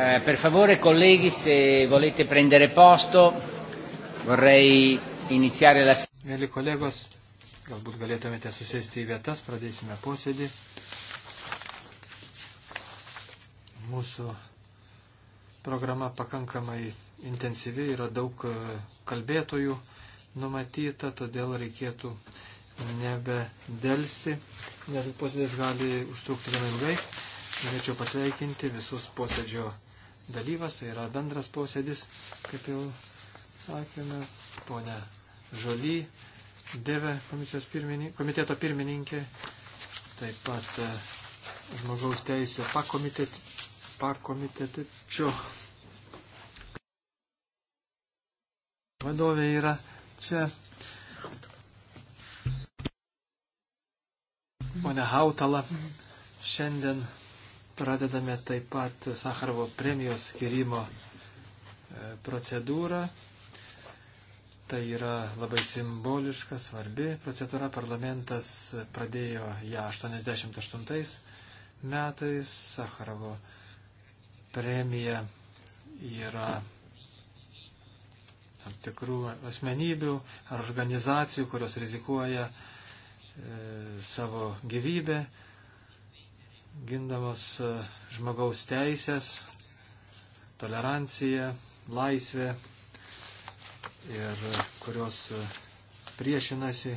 Eh, per favore colleghi, se volete prendere posto, vorrei iniziare la... Mėly kolegos, galbūt galėtumėte susėsti į vietas, pradėsime posėdį. Mūsų programa pakankamai intensyvi, yra daug e, kalbėtojų numatyta, todėl reikėtų nebedelsti, nes posėdis gali užtrukti gana ilgai. Norėčiau pasveikinti visus posėdžio dalyvas, tai yra bendras posėdis, kaip jau sakėme, ponia Žoly, Deve komisijos pirmini, komiteto pirmininkė, taip pat e, žmogaus teisų pakomitet, pakomitetečio vadovė yra čia. Pone Hautala šiandien Pradedame taip pat Sakarovo premijos skirimo e, procedūrą. Tai yra labai simboliška, svarbi procedūra. Parlamentas pradėjo ją 88 metais. Sakarovo premija yra tam tikrų asmenybių ar organizacijų, kurios rizikuoja e, savo gyvybę gindamos e, žmogaus teisės, toleranciją, laisvę ir e, kurios e, priešinasi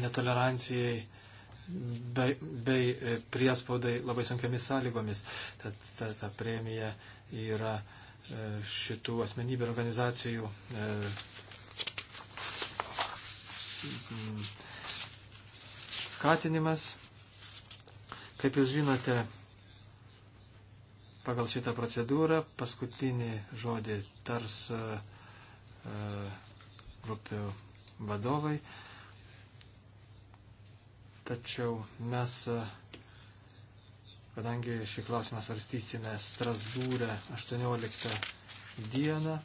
netolerancijai bei, bei priespaudai labai sunkiamis sąlygomis. Ta, ta, ta premija yra šitų asmenybių organizacijų skatinimas. Kaip jūs žinote, pagal šitą procedūrą paskutinį žodį tars e, e, grupių vadovai. Tačiau mes, e, kadangi šį klausimą svarstysime Strasbūrę 18 dieną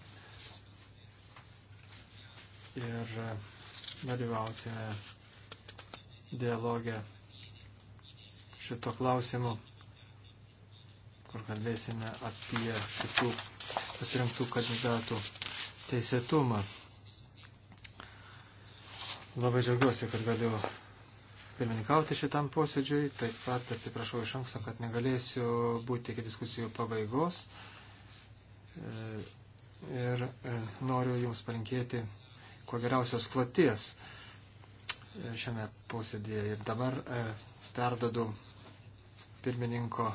ir dalyvausime dialogę šito klausimu, kur kalbėsime apie šitų pasirinktų kandidatų teisėtumą. Labai džiaugiuosi, kad galiu pirmininkauti šitam posėdžiui. Taip pat atsiprašau iš anksto, kad negalėsiu būti iki diskusijų pabaigos. E, ir e, noriu Jums palinkėti kuo geriausios kloties šiame posėdėje. Ir dabar e, perdodu pirmininko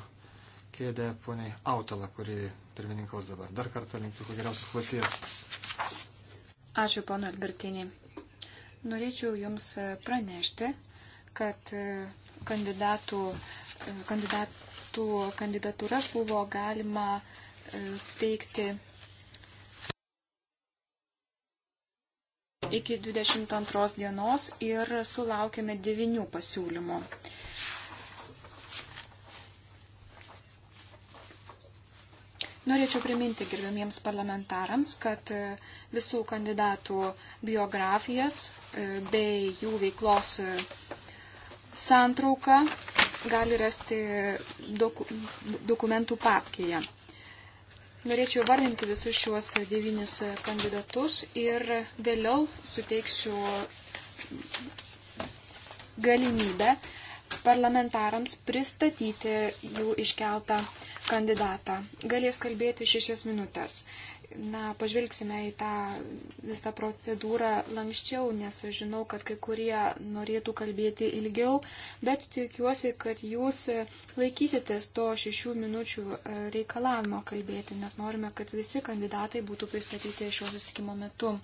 kėdę poniai Autolą, kuri pirmininkaus dabar. Dar kartą linkiu kuo geriausios kloties. Ačiū, pono Albertinį. Norėčiau Jums pranešti, kad e, kandidatų, e, kandidatų kandidatūras buvo galima e, teikti iki 22 dienos ir sulaukėme 9 pasiūlymų. Norėčiau priminti gerbiamiems parlamentarams, kad e, visų kandidatų biografijas e, bei jų veiklos e, santrauką gali rasti doku, dokumentų papkėje. Norėčiau vardinti visus šiuos devynis kandidatus ir vėliau suteiksiu galimybę parlamentarams pristatyti jų iškeltą kandidatą. Galės kalbėti šešias minutės na, pažvelgsime į tą visą procedūrą lankščiau, nes žinau, kad kai kurie norėtų kalbėti ilgiau, bet tikiuosi, kad jūs laikysitės to šešių minučių e, reikalavimo kalbėti, nes norime, kad visi kandidatai būtų pristatyti šio susitikimo metu.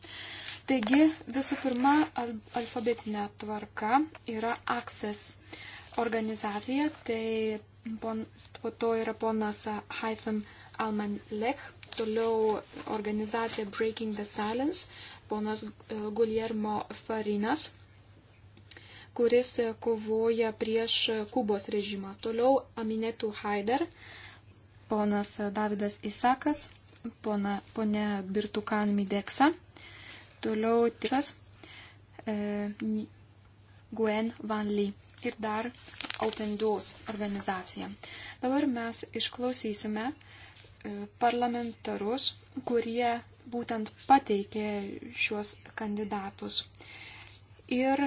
Taigi, visų pirma, alfabetinė tvarka yra Access organizacija, tai pon, po to yra ponas Haitham Alman Lech, Toliau organizacija Breaking the Silence, ponas e, Guljermo Farinas, kuris e, kovoja prieš e, Kubos režimą. Toliau Aminetų Haider, ponas Davidas Isakas, pona, ponia Birtukan Mideksa, toliau Tisas e, Gwen Van Lee ir dar Open Doors organizacija. Dabar mes išklausysime E, parlamentarus, kurie būtent pateikė šiuos kandidatus. Ir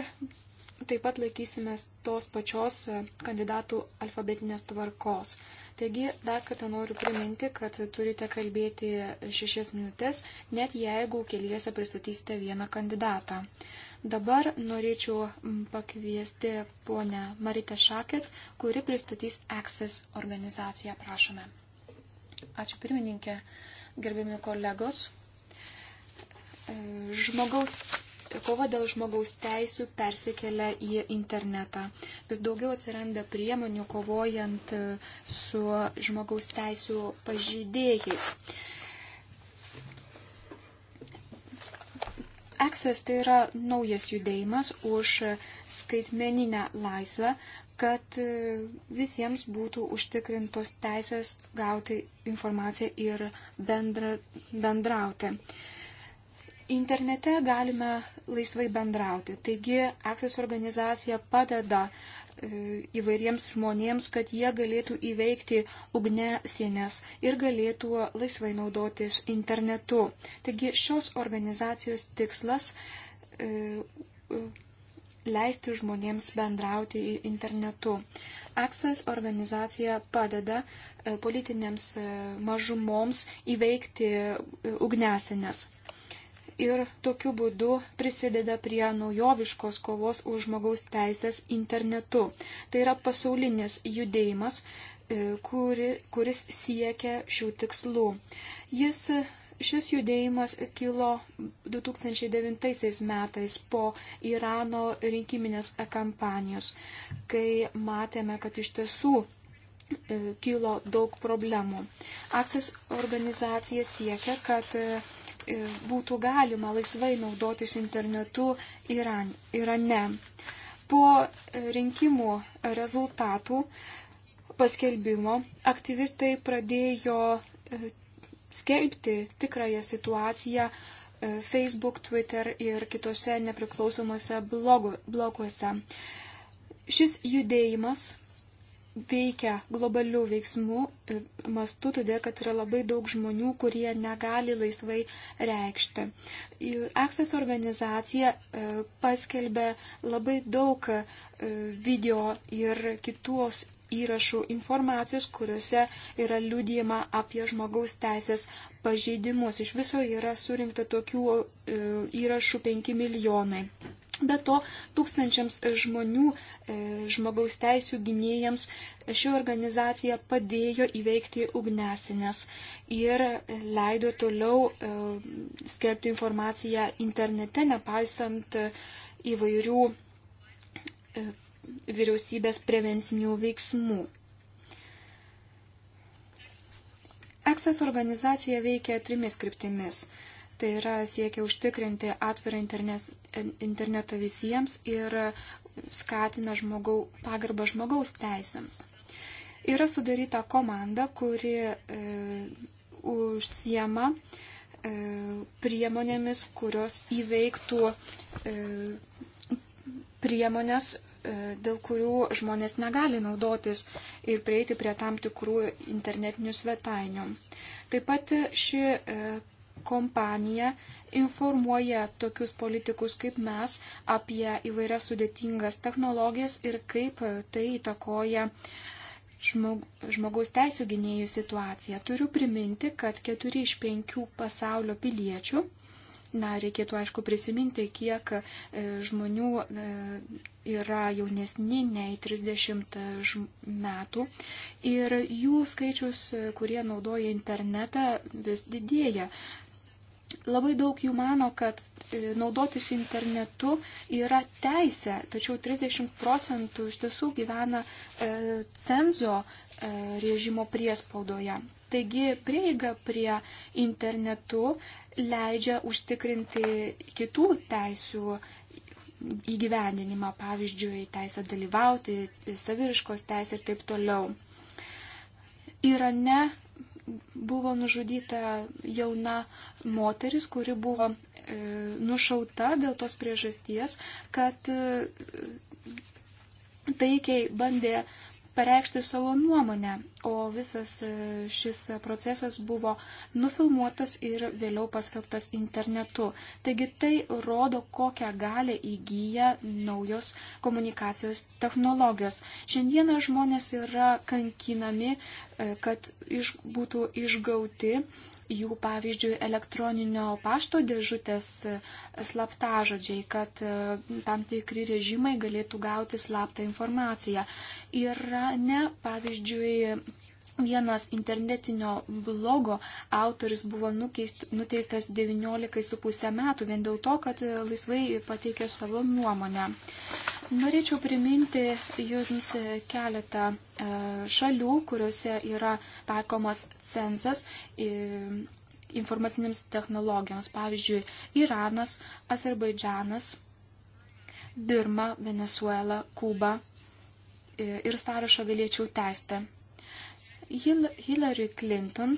taip pat laikysimės tos pačios e, kandidatų alfabetinės tvarkos. Taigi, dar kartą noriu priminti, kad turite kalbėti šešias minutės, net jeigu keliese pristatysite vieną kandidatą. Dabar norėčiau pakviesti ponę Maritę Šaket, kuri pristatys Access organizaciją. Prašome. Ačiū pirmininkė, gerbiami kolegos. Žmogaus kova dėl žmogaus teisų persikelia į internetą. Vis daugiau atsiranda priemonių kovojant su žmogaus teisų pažydėjais. Access tai yra naujas judėjimas už skaitmeninę laisvę, kad e, visiems būtų užtikrintos teisės gauti informaciją ir bendra, bendrauti. Internete galime laisvai bendrauti. Taigi, Access organizacija padeda e, įvairiems žmonėms, kad jie galėtų įveikti ugnesienes ir galėtų laisvai naudotis internetu. Taigi, šios organizacijos tikslas e, e, leisti žmonėms bendrauti internetu. Access organizacija padeda e, politinėms e, mažumoms įveikti e, ugnesinės. Ir tokiu būdu prisideda prie naujoviškos kovos už žmogaus teisės internetu. Tai yra pasaulinis judėjimas, kuri, kuris siekia šių tikslų. Jis Šis judėjimas kilo 2009 metais po Irano rinkiminės kampanijos, kai matėme, kad iš tiesų e, kilo daug problemų. Aksis organizacija siekia, kad e, e, būtų galima laisvai naudotis internetu Iran, Irane. Po rinkimų rezultatų paskelbimo aktyvistai pradėjo skelbti tikrąją situaciją e, Facebook, Twitter ir kitose nepriklausomose blogu, bloguose. Šis judėjimas veikia globalių veiksmų e, mastu, todėl kad yra labai daug žmonių, kurie negali laisvai reikšti. Access organizacija e, paskelbė labai daug video ir kitos įrašų informacijos, kuriuose yra liūdėjama apie žmogaus teisės pažeidimus. Iš viso yra surinkta tokių e, įrašų 5 milijonai. Be to, tūkstančiams žmonių, e, žmogaus teisų gynėjams ši organizacija padėjo įveikti ugnesinės ir leido toliau e, skelbti informaciją internete, nepaisant įvairių vyriausybės prevencinių veiksmų. Access organizacija veikia trimis kryptimis. Tai yra siekia užtikrinti atvirą internetą visiems ir skatina žmogau, pagarbą žmogaus teisėms. Yra sudaryta komanda, kuri e, užsiema e, priemonėmis, kurios įveiktų e, priemonės E, dėl kurių žmonės negali naudotis ir prieiti prie tam tikrų internetinių svetainių. Taip pat ši e, kompanija informuoja tokius politikus kaip mes apie įvairias sudėtingas technologijas ir kaip tai įtakoja žmog, žmogaus teisų gynėjų situaciją. Turiu priminti, kad keturi iš penkių pasaulio piliečių Na, reikėtų aišku prisiminti, kiek e, žmonių e, yra jaunesni nei 30 e, metų ir jų skaičius, kurie naudoja internetą, vis didėja. Labai daug jų mano, kad e, naudotis internetu yra teisė, tačiau 30 procentų iš tiesų gyvena e, cenzo e, režimo priespaudoje. Taigi prieiga prie internetu leidžia užtikrinti kitų teisių įgyvendinimą, pavyzdžiui, teisę dalyvauti, saviriškos teisė ir taip toliau. Irane buvo nužudyta jauna moteris, kuri buvo e, nušauta dėl tos priežasties, kad e, taikiai bandė pareikšti savo nuomonę, o visas e, šis procesas buvo nufilmuotas ir vėliau paskelbtas internetu. Taigi tai rodo, kokią galę įgyja naujos komunikacijos technologijos. Šiandieną žmonės yra kankinami, e, kad iš, būtų išgauti jų, pavyzdžiui, elektroninio pašto dėžutės e, slaptažodžiai, kad e, tam tikri režimai galėtų gauti slaptą informaciją. Yra ne, pavyzdžiui, Vienas internetinio blogo autoris buvo nukeist, nuteistas 19,5 metų vien dėl to, kad e, laisvai pateikė savo nuomonę. Norėčiau priminti jums e, keletą e, šalių, kuriuose yra taikomas cenzas informacinėms technologijoms. Pavyzdžiui, Iranas, Azerbaidžanas, Birma, Venezuela, Kuba ir sąrašą galėčiau tęsti. Hillary Clinton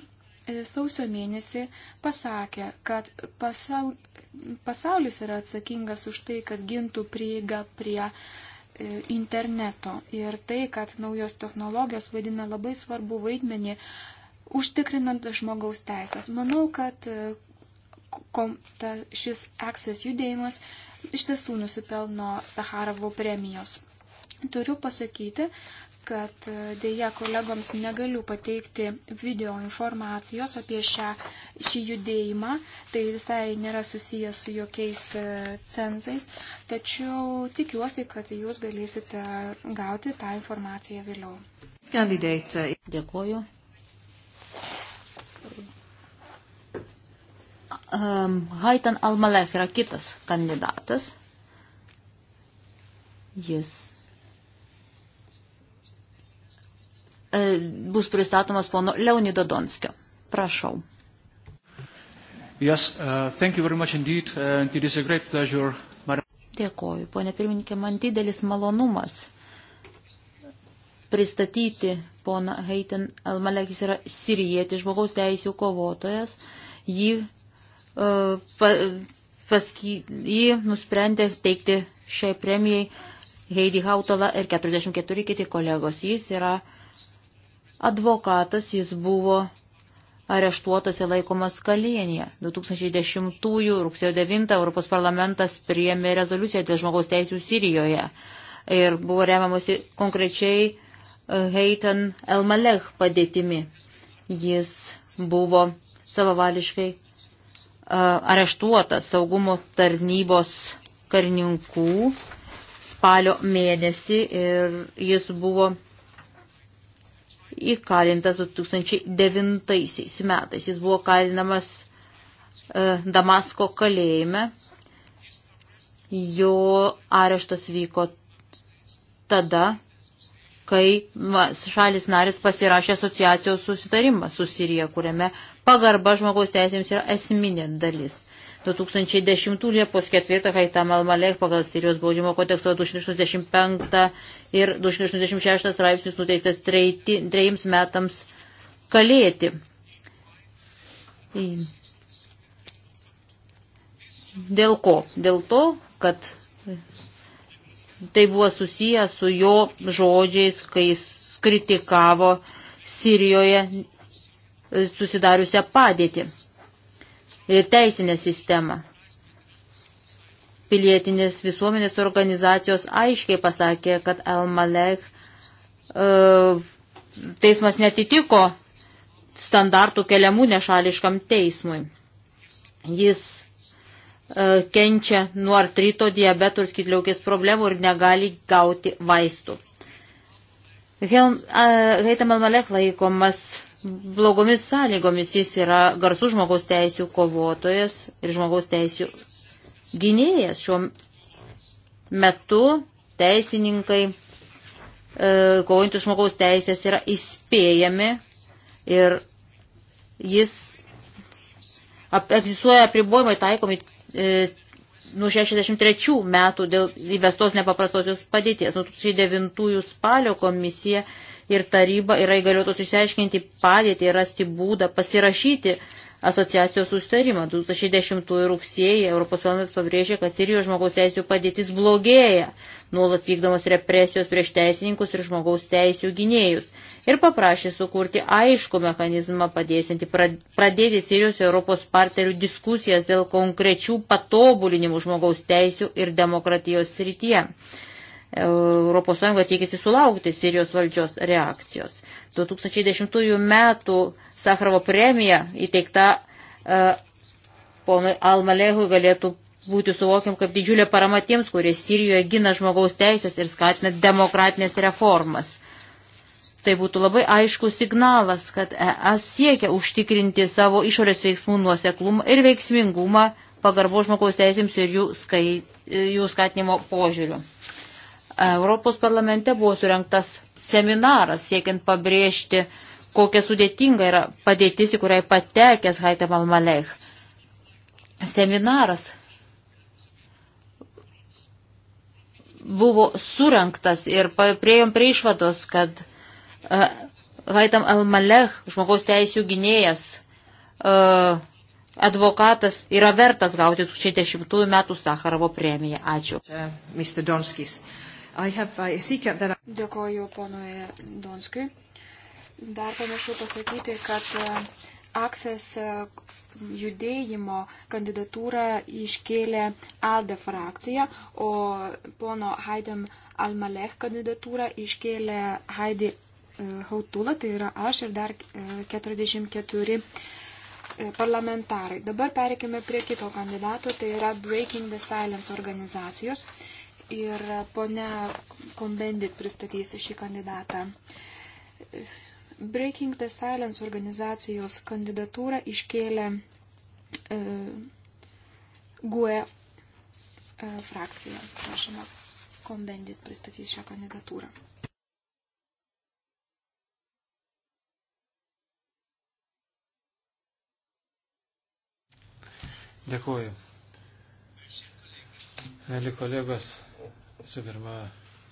e, sausio mėnesį pasakė, kad pasaul, pasaulis yra atsakingas už tai, kad gintų prieigą prie e, interneto ir tai, kad naujos technologijos vaidina labai svarbu vaidmenį užtikrinant žmogaus teisės. Manau, kad e, kom, ta, šis Access judėjimas iš tiesų nusipelno Saharovo premijos. Turiu pasakyti, kad e, dėja kolegoms negaliu pateikti video informacijos apie šią, šį judėjimą, tai visai nėra susijęs su jokiais e, cenzais, tačiau tikiuosi, kad jūs galėsite gauti tą informaciją vėliau. Kandidatai. Dėkuoju. Um, Haitan Almalek yra kitas kandidatas. Jis E, bus pristatomas pono Leonido Donskio. Prašau. Yes, uh, thank you very much indeed, and it is a great pleasure. Dėkoju, ponė pirmininkė, man didelis malonumas pristatyti poną Heiten Almalekis yra sirietis, žmogaus teisų kovotojas. Jį, uh, e, pa, paski, jį nusprendė teikti šiai premijai Heidi Hautala ir 44 kiti kolegos. Jis yra uh, advokatas, jis buvo areštuotas ir laikomas kalėnėje. 2010 rugsėjo 9 Europos parlamentas priėmė rezoliuciją dėl žmogaus teisų Sirijoje ir buvo remiamasi konkrečiai e, Heitan Elmalech padėtimi. Jis buvo savavališkai e, areštuotas saugumo tarnybos karininkų spalio mėnesį ir jis buvo įkalintas 2009 metais. Jis buvo kalinamas e, Damasko kalėjime. Jo areštas vyko tada, kai šalis narės pasirašė asociacijos susitarimą su Sirija, kuriame pagarba žmogaus teisėms yra esminė dalis. 2010 Liepos 4 Haitam Almalek pagal Sirijos baudžiamo kodekso 265 ir 286 straipsnius nuteistas treiti, trejiems metams kalėti. Dėl ko? Dėl to, kad tai buvo susiję su jo žodžiais, kai jis kritikavo Sirijoje susidariusią padėtį ir teisinę sistemą. Pilietinės visuomenės organizacijos aiškiai pasakė, kad Al-Malek e, teismas netitiko standartų keliamų nešališkam teismui. Jis e, kenčia nuo artrito, diabeto ir skydliaukės problemų ir negali gauti vaistų. E, Heitam Al-Malek laikomas blogomis sąlygomis. Jis yra garsus žmogaus teisų kovotojas ir žmogaus teisų gynėjas. Šiuo metu teisininkai e, kovojantis žmogaus teisės yra įspėjami ir jis ap, egzistuoja apribojimai taikomi e, nuo 63 metų dėl įvestos nepaprastosios padėties. Nuo 2009 spalio komisija ir taryba yra įgaliotos išsiaiškinti padėtį ir rasti būdą pasirašyti asociacijos sustarimą. 2010 rugsėjai Europos parlamentas pabrėžė, kad Sirijos žmogaus teisų padėtis blogėja, nuolat vykdomas represijos prieš teisininkus ir žmogaus teisų gynėjus. Ir paprašė sukurti aišku mechanizmą padėsinti pradėti Sirijos Europos partnerių diskusijas dėl konkrečių patobulinimų žmogaus teisų ir demokratijos srityje. ES tikisi sulaukti Sirijos valdžios reakcijos. 2010 metų Sakrovo premija įteikta e, ponui Almalehui galėtų būti suvokiam kaip didžiulė parama tiems, kurie Sirijoje gina žmogaus teisės ir skatina demokratinės reformas. Tai būtų labai aiškus signalas, kad ES siekia užtikrinti savo išorės veiksmų nuoseklumą ir veiksmingumą pagarbo žmogaus teisėms ir jų, skai, jų skatinimo požiūriu. Europos parlamente buvo surinktas seminaras siekiant pabrėžti, kokia sudėtinga yra padėtis, į kurią patekęs Haitam Almalech. Seminaras buvo surinktas ir priejom prie išvados, kad e, Haitam Almalech, žmogaus teisų gynėjas, e, advokatas yra vertas gauti 2010 metų Sakarovo premiją. Ačiū. Mr. Donskis. Have, I... Dėkoju ponui Donskui. Dar pamiršau pasakyti, kad e, Aksės e, judėjimo kandidatūrą iškėlė ALDE frakcija, o pono Haidem Almalech kandidatūrą iškėlė Haidi e, Hautula, tai yra aš ir dar 44 parlamentarai. Dabar pereikime prie kito kandidato, tai yra Breaking the Silence organizacijos ir ponia Kombendit pristatys šį kandidatą. Breaking the Silence organizacijos kandidatūrą iškėlė e, GUE e, frakcija. Prašoma, Kombendit pristatys šią kandidatūrą. Dėkuoju. Mėly kolegos, Visų pirma,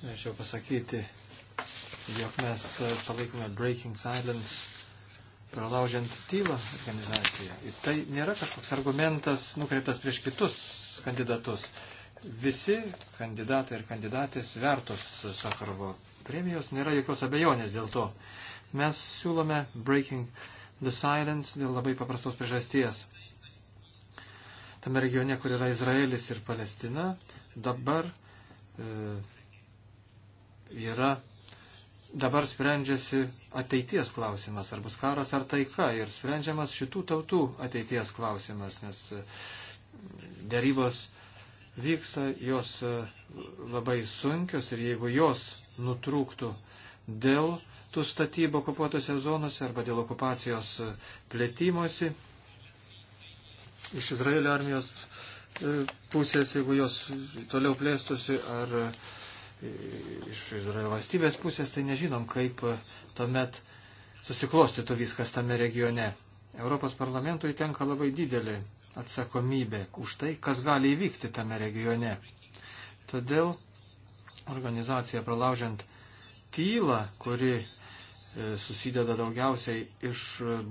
norėčiau pasakyti, jog mes palaikome Breaking Silence, pralaužiant tylą organizaciją. Ir tai nėra kažkoks argumentas nukreiptas prieš kitus kandidatus. Visi kandidatai ir kandidatės vertos Sakarovo premijos, nėra jokios abejonės dėl to. Mes siūlome Breaking the Silence dėl labai paprastos priežasties. Tame regione, kur yra Izraelis ir Palestina, dabar E, yra dabar sprendžiasi ateities klausimas, ar bus karas ar taika, ir sprendžiamas šitų tautų ateities klausimas, nes e, dėrybos vyksta, jos e, labai sunkios ir jeigu jos nutrūktų dėl tų statybų okupuotose zonose arba dėl okupacijos plėtymosi iš Izraelio armijos pusės, jeigu jos toliau plėstusi, ar e, iš Izraelio valstybės pusės, tai nežinom, kaip e, tuomet susiklostytų viskas tame regione. Europos parlamentui tenka labai didelė atsakomybė už tai, kas gali įvykti tame regione. Todėl organizacija Pralaužiant tylą, kuri E, susideda daugiausiai iš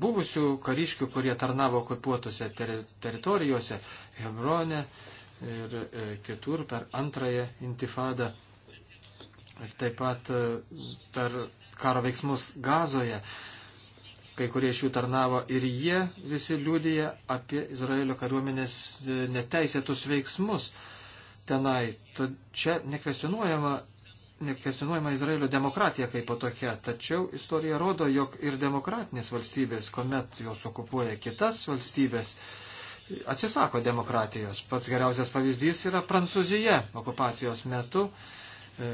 buvusių kariškių, kurie tarnavo okupuotose teri teritorijose, Hebrone ir e, kitur per antrąją intifadą. Ir taip pat e, per karo veiksmus gazoje. Kai kurie iš jų tarnavo ir jie visi liūdėja apie Izraelio kariuomenės neteisėtus veiksmus tenai. Tad čia nekvestionuojama nekvesionuojama Izraelio demokratija kaip po tokia, tačiau istorija rodo, jog ir demokratinės valstybės, kuomet jos okupuoja kitas valstybės, atsisako demokratijos. Pats geriausias pavyzdys yra Prancūzija okupacijos metu, e,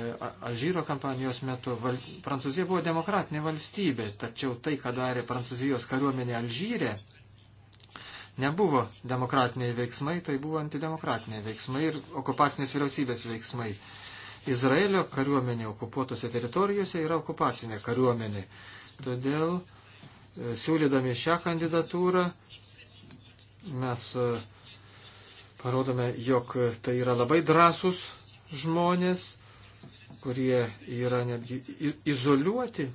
Alžyro kampanijos metu. Val... Prancūzija buvo demokratinė valstybė, tačiau tai, ką darė Prancūzijos kariuomenė Alžyrė, nebuvo demokratiniai veiksmai, tai buvo antidemokratiniai veiksmai ir okupacinės vyriausybės veiksmai. Izraelio kariuomenė okupuotose teritorijose yra okupacinė kariuomenė. Todėl e, siūlydami šią kandidatūrą mes e, parodome, jog tai yra labai drąsus žmonės, kurie yra netgi izoliuoti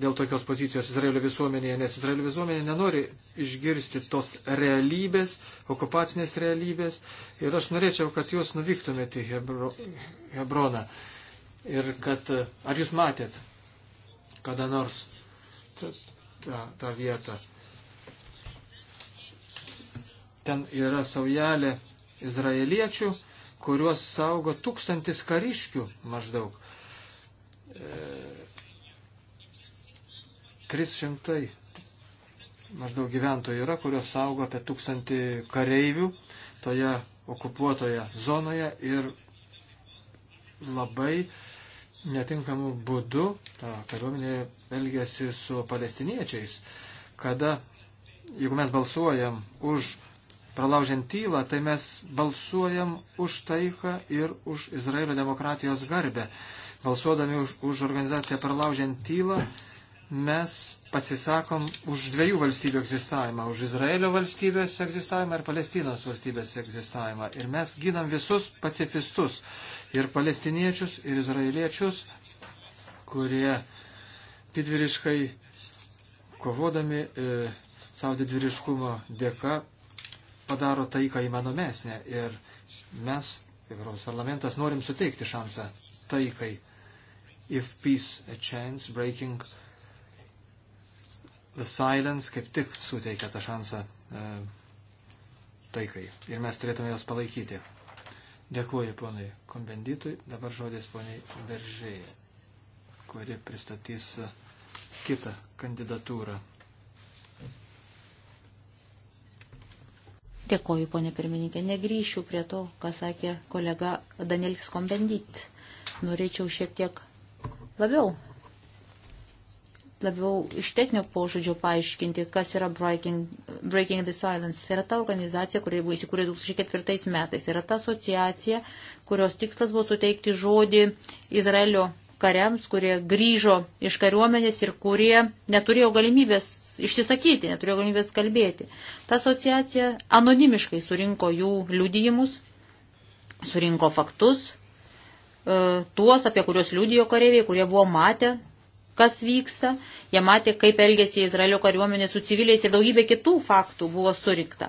dėl tokios pozicijos Izraelio visuomenėje, nes Izraelio visuomenė nenori išgirsti tos realybės, okupacinės realybės. Ir aš norėčiau, kad jūs nuvyktumėte į Hebro, Hebroną. Ir kad, ar jūs matėt kada nors tą, tą, tą vietą? Ten yra saujelė izraeliečių, kuriuos saugo tūkstantis kariškių maždaug. E, 300 maždaug gyventojų yra, kurios saugo apie 1000 kareivių toje okupuotoje zonoje ir labai netinkamų būdų ta kariuomenė elgėsi su palestiniečiais, kada, jeigu mes balsuojam už pralaužiant tylą, tai mes balsuojam už taiką ir už Izraelio demokratijos garbę. Balsuodami už, už organizaciją pralaužiant tylą, mes pasisakom už dviejų valstybių egzistavimą - už Izraelio valstybės egzistavimą ir Palestinos valstybės egzistavimą. Ir mes ginam visus pacifistus - ir palestiniečius, ir izraeliečius, kurie didvyriškai kovodami e, savo didvyriškumo dėka padaro taiką įmanomesnę. Ir mes, kaip Europos parlamentas, norim suteikti šansą taikai. If peace a chance breaking The Silence kaip tik suteikia tą šansą e, taikai ir mes turėtume jos palaikyti. Dėkuoju ponui Konbenditui, dabar žodis poniai Beržėje, kuri pristatys kitą kandidatūrą. Dėkoju, ponė pirmininkė. Negryšiu prie to, ką sakė kolega Danielis Kombendit. Norėčiau šiek tiek labiau labiau iš techninio požodžio paaiškinti, kas yra Breaking, Breaking the Silence. Tai yra ta organizacija, kuri buvo įsikūrė 2004 metais. Tai yra ta asociacija, kurios tikslas buvo suteikti žodį Izraelio kariams, kurie grįžo iš kariuomenės ir kurie neturėjo galimybės išsisakyti, neturėjo galimybės kalbėti. Ta asociacija anonimiškai surinko jų liudijimus, surinko faktus, e, tuos, apie kuriuos liudijo kareiviai, kurie buvo matę kas vyksta, jie matė, kaip elgėsi Izraelio kariuomenė su civiliais ir daugybė kitų faktų buvo surinkta.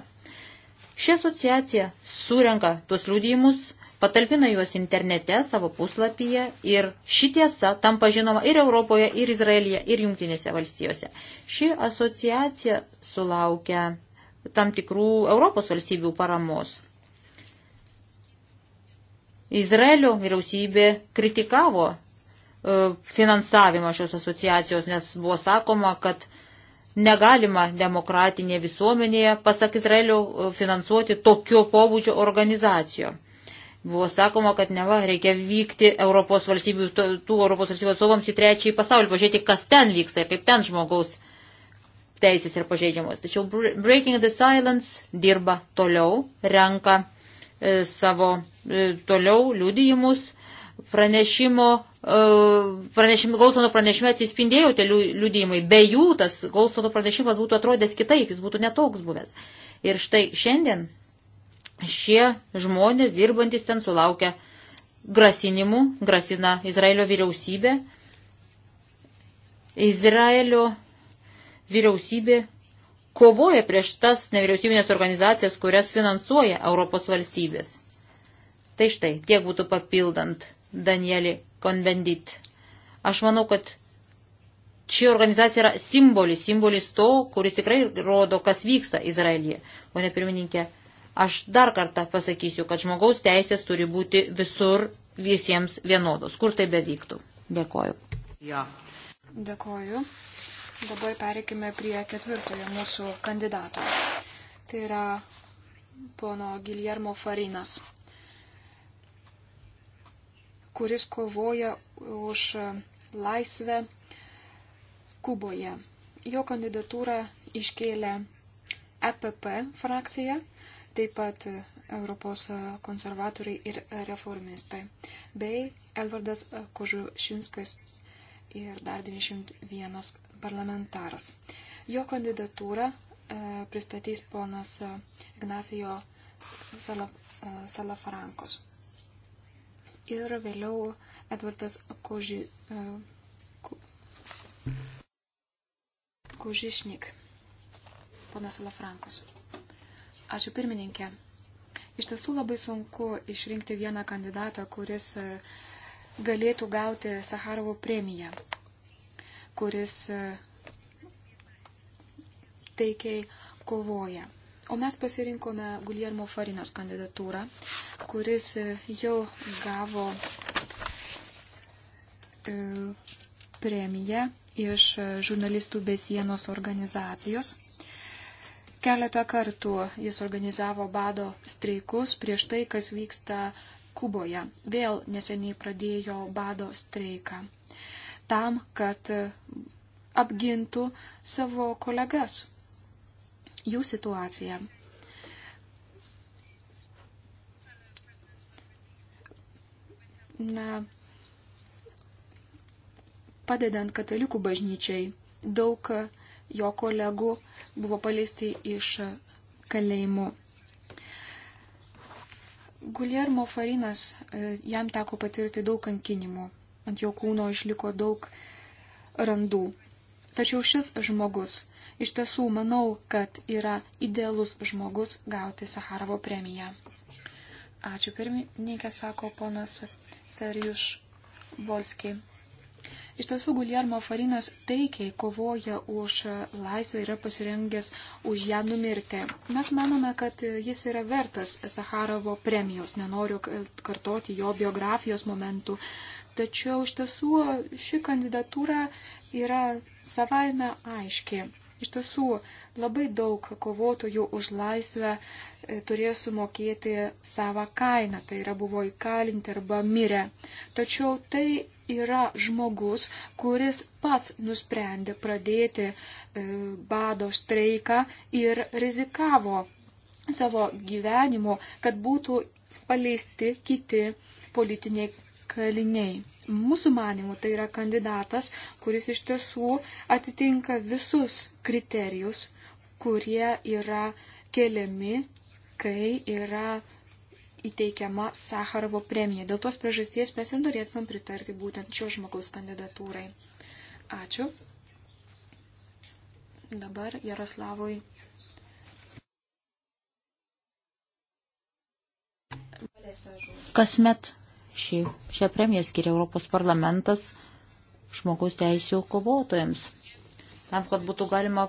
Ši asociacija surenka tuos liudijimus, patalpina juos internete savo puslapyje ir ši tiesa tampa žinoma ir Europoje, ir Izraelyje, ir Junktinėse valstijose. Ši asociacija sulaukia tam tikrų Europos valstybių paramos. Izraelio vyriausybė kritikavo E, finansavimą šios asociacijos, nes buvo sakoma, kad negalima demokratinėje visuomenėje, pasak Izraelio, e, finansuoti tokio pobūdžio organizacijo. Buvo sakoma, kad neva reikia vykti Europos valstybių, tų Europos valstybių atstovams į trečiąjį pasaulį, pažiūrėti, kas ten vyksta ir kaip ten žmogaus teisės yra pažeidžiamos. Tačiau Breaking the Silence dirba toliau, renka e, savo e, toliau liudijimus, pranešimo pranešimai, Golsono pranešime atsispindėjo tie liudijimai. Be jų tas Golsono pranešimas būtų atrodęs kitaip, jis būtų netoks buvęs. Ir štai šiandien šie žmonės dirbantis ten sulaukia grasinimų, grasina Izraelio vyriausybė. Izraelio vyriausybė kovoja prieš tas nevyriausybinės organizacijas, kurias finansuoja Europos valstybės. Tai štai, tiek būtų papildant Danielį konvendit. Aš manau, kad ši organizacija yra simbolis, simbolis to, kuris tikrai rodo, kas vyksta Izraelyje. Pone pirmininkė, aš dar kartą pasakysiu, kad žmogaus teisės turi būti visur visiems vienodos, kur tai bevyktų. Dėkoju. Ja. Dėkoju. Dabar pereikime prie ketvirtojo mūsų kandidato. Tai yra pono Giljermo Farinas kuris kovoja už laisvę Kuboje. Jo kandidatūrą iškėlė EPP frakcija, taip pat Europos konservatoriai ir reformistai, bei Elvardas Kožušinskas ir dar 21 parlamentaras. Jo kandidatūrą e, pristatys ponas Ignacijo e, Salafrankos ir vėliau Edvardas Koži, e, Kožišnik, ponas Lafrankas. Ačiū pirmininkė. Iš tiesų labai sunku išrinkti vieną kandidatą, kuris e, galėtų gauti Saharovo premiją, kuris e, taikiai kovoja. O mes pasirinkome Guljermo Farinos kandidatūrą, kuris e, jau gavo e, premiją iš e, žurnalistų besienos organizacijos. Keletą kartų jis organizavo bado streikus prieš tai, kas vyksta Kuboje. Vėl neseniai pradėjo bado streiką. Tam, kad apgintų savo kolegas jų situaciją. Na, padedant katalikų bažnyčiai, daug jo kolegų buvo paleisti iš kalėjimų. Guljermo Farinas, e, jam teko patirti daug kankinimų, ant jo kūno išliko daug randų. Tačiau šis žmogus Iš tiesų, manau, kad yra idealus žmogus gauti Saharovo premiją. Ačiū pirmininkė, sako ponas Serjuš Volski. Iš tiesų, Guljermo Farinas taikiai kovoja už laisvę ir yra pasirengęs už ją numirti. Mes manome, kad jis yra vertas Sakarovo premijos, nenoriu kartoti jo biografijos momentų. Tačiau iš tiesų ši kandidatūra yra savaime aiški. Iš tiesų, labai daug kovotojų už laisvę e, turėjo sumokėti savo kainą, tai yra buvo įkalinti arba mirę. Tačiau tai yra žmogus, kuris pats nusprendė pradėti e, bado streiką ir rizikavo savo gyvenimu, kad būtų paleisti kiti politiniai kaliniai. Mūsų manimų tai yra kandidatas, kuris iš tiesų atitinka visus kriterijus, kurie yra keliami, kai yra įteikiama Sakarovo premija. Dėl tos priežasties mes ir norėtumėm pritarti būtent šio žmogaus kandidatūrai. Ačiū. Dabar Jaroslavui. Kasmet Ši, šią premiją skiria Europos parlamentas žmogaus teisų kovotojams. Tam, kad būtų galima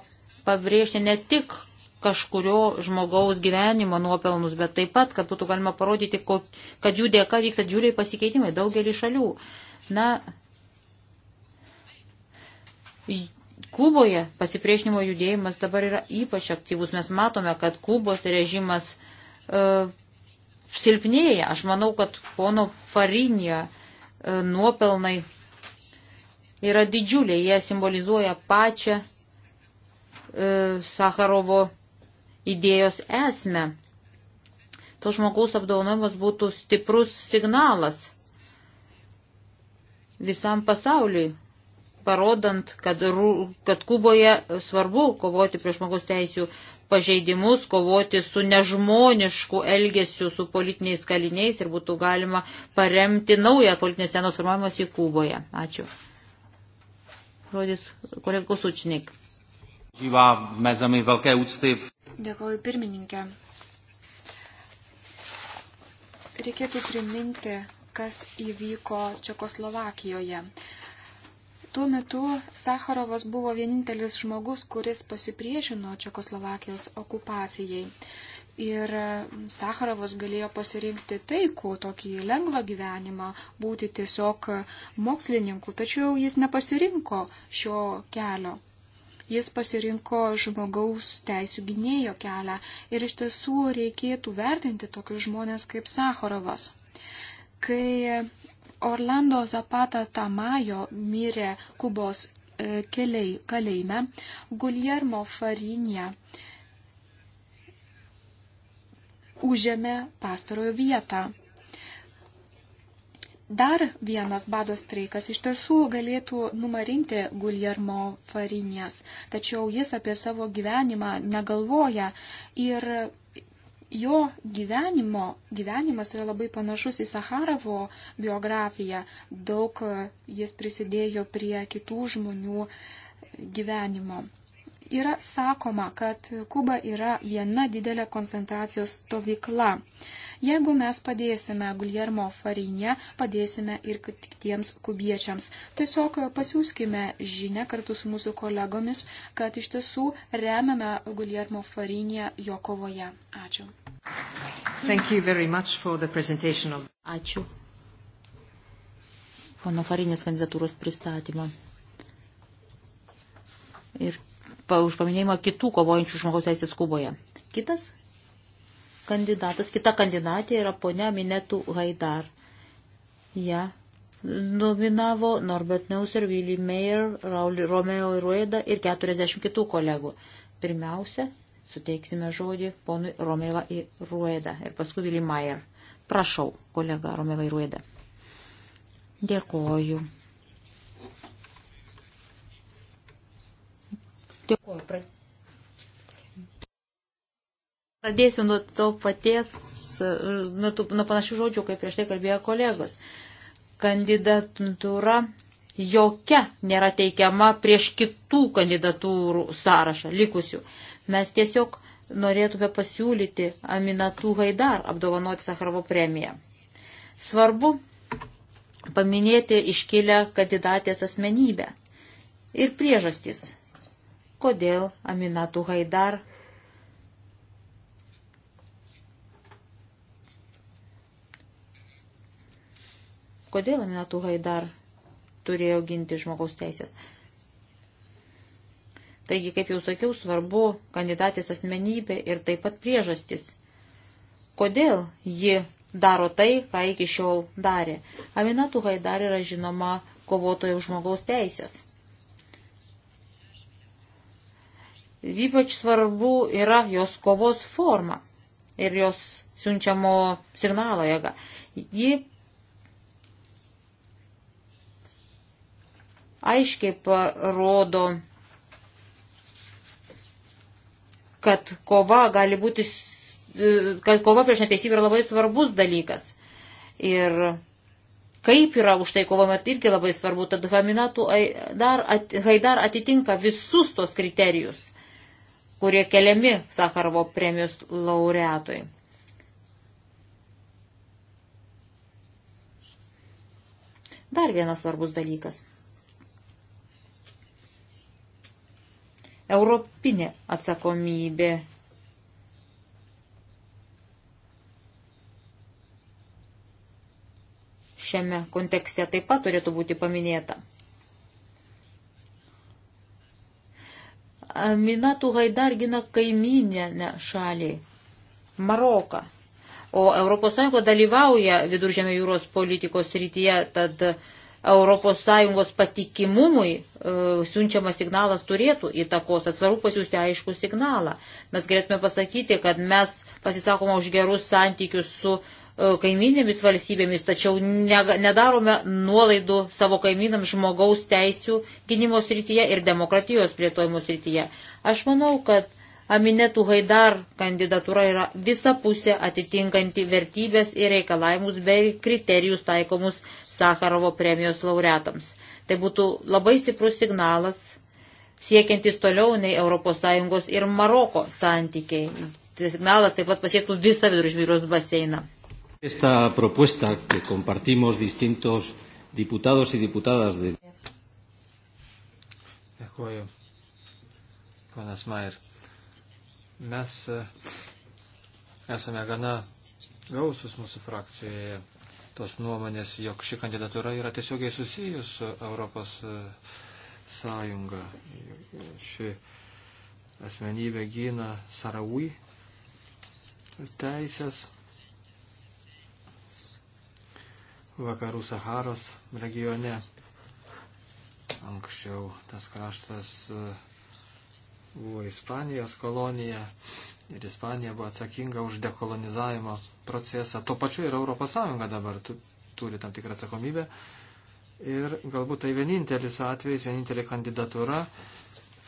pabrėžti ne tik kažkurio žmogaus gyvenimo nuopelnus, bet taip pat, kad būtų galima parodyti, kad jų dėka vyksta džiuliai pasikeitimai daugelį šalių. Na, Kuboje pasipriešinimo judėjimas dabar yra ypač aktyvus. Mes matome, kad Kubos režimas e, silpnėja. Aš manau, kad pono Farinė e, nuopelnai yra didžiuliai. Jie simbolizuoja pačią e, Sakarovo idėjos esmę. To žmogaus apdaunamas būtų stiprus signalas visam pasauliui, parodant, kad, kad Kuboje svarbu kovoti prieš žmogaus teisų pažeidimus, kovoti su nežmonišku elgesiu su politiniais kaliniais ir būtų galima paremti naują politinės senos formavimas į Kuboje. Ačiū. Rodis kolegų Sučnik. Dėkoju pirmininkė. Reikėtų priminti, kas įvyko Čekoslovakijoje. Tuo metu Sakarovas buvo vienintelis žmogus, kuris pasipriešino Čekoslovakijos okupacijai. Ir e, Sakarovas galėjo pasirinkti taikų, tokį lengvą gyvenimą, būti tiesiog e, mokslininku, tačiau jis nepasirinko šio kelio. Jis pasirinko žmogaus teisų gynėjo kelią ir iš tiesų reikėtų vertinti tokius žmonės kaip Sakarovas. Kai Orlando Zapata Tamajo mirė Kubos e, keliai, kalėjime, Guljermo Farinė užėmė pastarojo vietą. Dar vienas bado streikas iš tiesų galėtų numarinti Guljermo Farinės, tačiau jis apie savo gyvenimą negalvoja ir jo gyvenimo, gyvenimas yra labai panašus į Saharovo biografiją. Daug e, jis prisidėjo prie kitų žmonių gyvenimo. Yra sakoma, kad Kuba yra viena didelė koncentracijos stovykla. Jeigu mes padėsime Guljermo farinė, padėsime ir kitiems kubiečiams. Tiesiog pasiūskime žinę kartu su mūsų kolegomis, kad iš tiesų remiame Guljermo farinė jo kovoje. Ačiū. Of... Ačiū. Pono Farinės kandidatūros pristatymą. Ir už paminėjimą kitų kovojančių žmogaus teisės Kuboje. Kitas kandidatas, kita kandidatė yra ponia Minetų Haidar. Ja nominavo Norbert Neuser, Willy Mayer, Raulį Romeo ir Rueda ir 40 kitų kolegų. Pirmiausia, suteiksime žodį ponui Romeva į Rueda ir paskui Willy Mayer. Prašau, kolega Romeva į Rueda. Dėkoju. Dėkuoju. Pradėsiu nuo to paties, e, nuo, tų, nuo panašių žodžių, kaip prieš tai kalbėjo kolegos. Kandidatūra jokia nėra teikiama prieš kitų kandidatūrų sąrašą likusių. Mes tiesiog norėtume pasiūlyti Aminatų Haidar apdovanoti Sakarovo premiją. Svarbu paminėti iškilę kandidatės asmenybę ir priežastis kodėl Aminatų Haidar kodėl Aminatų Haidar turėjo ginti žmogaus teisės. Taigi, kaip jau sakiau, svarbu kandidatės asmenybė ir taip pat priežastis. Kodėl ji daro tai, ką iki šiol darė? Aminatų Haidar yra žinoma kovotoja už žmogaus teisės. Ypač svarbu yra jos kovos forma ir jos siunčiamo signalo jėga. Ji aiškiai parodo, kad kova gali būti, e, kad kova prieš neteisybę yra labai svarbus dalykas. Ir kaip yra už tai kovama, tai irgi labai svarbu, tad Haidar atitinka visus tos kriterijus kurie keliami Sakarovo premijos laureatui. Dar vienas svarbus dalykas. Europinė atsakomybė. Šiame kontekste taip pat turėtų būti paminėta. Minatų Haidar gina kaiminę šalį - Maroką. O ES dalyvauja viduržėmio jūros politikos rytyje, tad ES patikimumui e, siunčiamas signalas turėtų įtakos, atsvaru pasiūsti aišku signalą. Mes galėtume pasakyti, kad mes pasisakome už gerus santykius su E, kaiminėmis valstybėmis, tačiau nedarome nuolaidų savo kaiminam žmogaus teisų gynimo srityje ir demokratijos plėtojimo srityje. Aš manau, kad Aminetų Haidar kandidatūra yra visapusė atitinkanti vertybės ir reikalavimus bei kriterijus taikomus Sakarovo premijos laureatams. Tai būtų labai stiprus signalas, siekiantis toliau nei ES ir Maroko santykiai. Tai signalas taip pat pasiektų visą viduržvyros baseiną. Esta propuesta que compartimos distintos diputados y diputadas de. Dėkuoju, panas Mair. Mes e, esame gana gausus mūsų frakcijoje tos nuomonės, jog ši kandidatūra yra tiesiogiai susijus su Europos e, sąjunga. Ši asmenybė gina Saravui teisės vakarų Saharos regione. Anksčiau tas kraštas e, buvo Ispanijos kolonija ir Ispanija buvo atsakinga už dekolonizavimo procesą. Tuo pačiu ir ES dabar tu, turi tam tikrą atsakomybę. Ir galbūt tai vienintelis atvejis, vienintelė kandidatūra,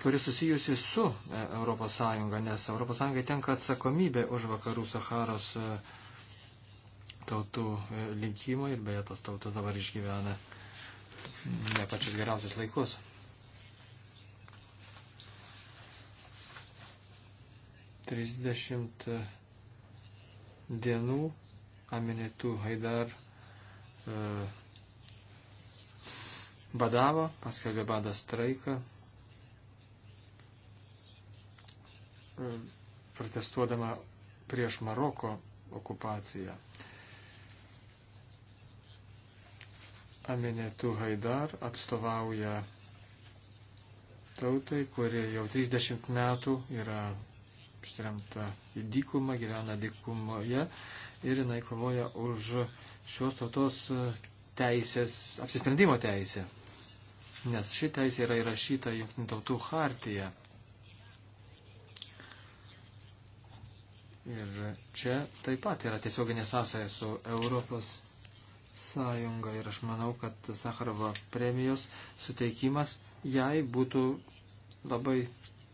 kuri susijusi su ES, nes ES tenka atsakomybė už vakarų Saharos regioną tautų e, likimą ir beje tos tautos dabar išgyvena ne pačius geriausius laikus. Trisdešimt e, dienų Aminėtų Haidar e, badavo, paskelbė badą straiką, e, protestuodama prieš Maroko okupaciją. Aminetu Haidar atstovauja tautai, kuri jau 30 metų yra ištremta į dykumą, gyvena dykumoje ir jinai kovoja už šios tautos teisės, apsisprendimo teisę. Nes ši teisė yra įrašyta Junktinių tautų hartyje. Ir čia taip pat yra tiesioginė sąsaja su Europos sąjungą ir aš manau, kad Sakarovo premijos suteikimas jai būtų labai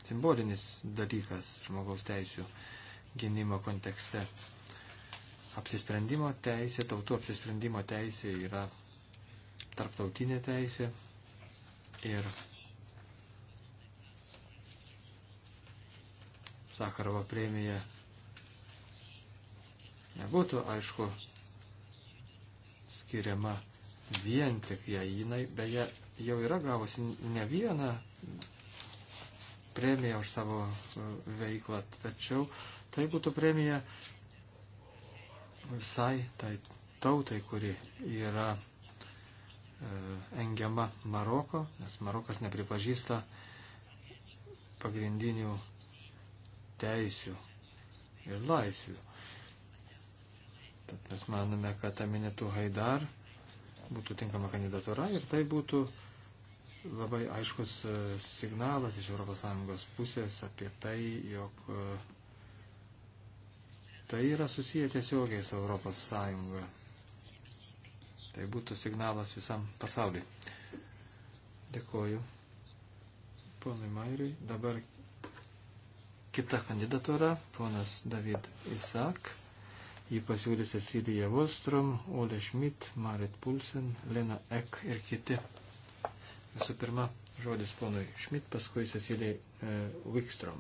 simbolinis dalykas žmogaus teisų gynimo kontekste. Apsisprendimo teisė, tautų apsisprendimo teisė yra tarptautinė teisė ir Sakarovo premija nebūtų, aišku, skiriama vien tik jai. Jinai beje jau yra gavusi ne vieną premiją už savo e, veiklą, tačiau tai būtų premija visai tai tautai, kuri yra e, engiama Maroko, nes Marokas nepripažįsta pagrindinių teisių ir laisvių. Tad mes manome, kad Aminėtų Haidar būtų tinkama kandidatūra ir tai būtų labai aiškus e, signalas iš ES pusės apie tai, jog e, tai yra susiję tiesiogiai su ES. Tai būtų signalas visam pasauliu. Dėkoju. Ponui Mairiui. Dabar kita kandidatūra, ponas David Isak. Jį pasiūlys Cecilija Volstrom, Ole Schmidt, Marit Pulsen, Lena Ek ir kiti. Visų pirma, žodis ponui Schmidt, paskui Cecilijai e, Wikstrom.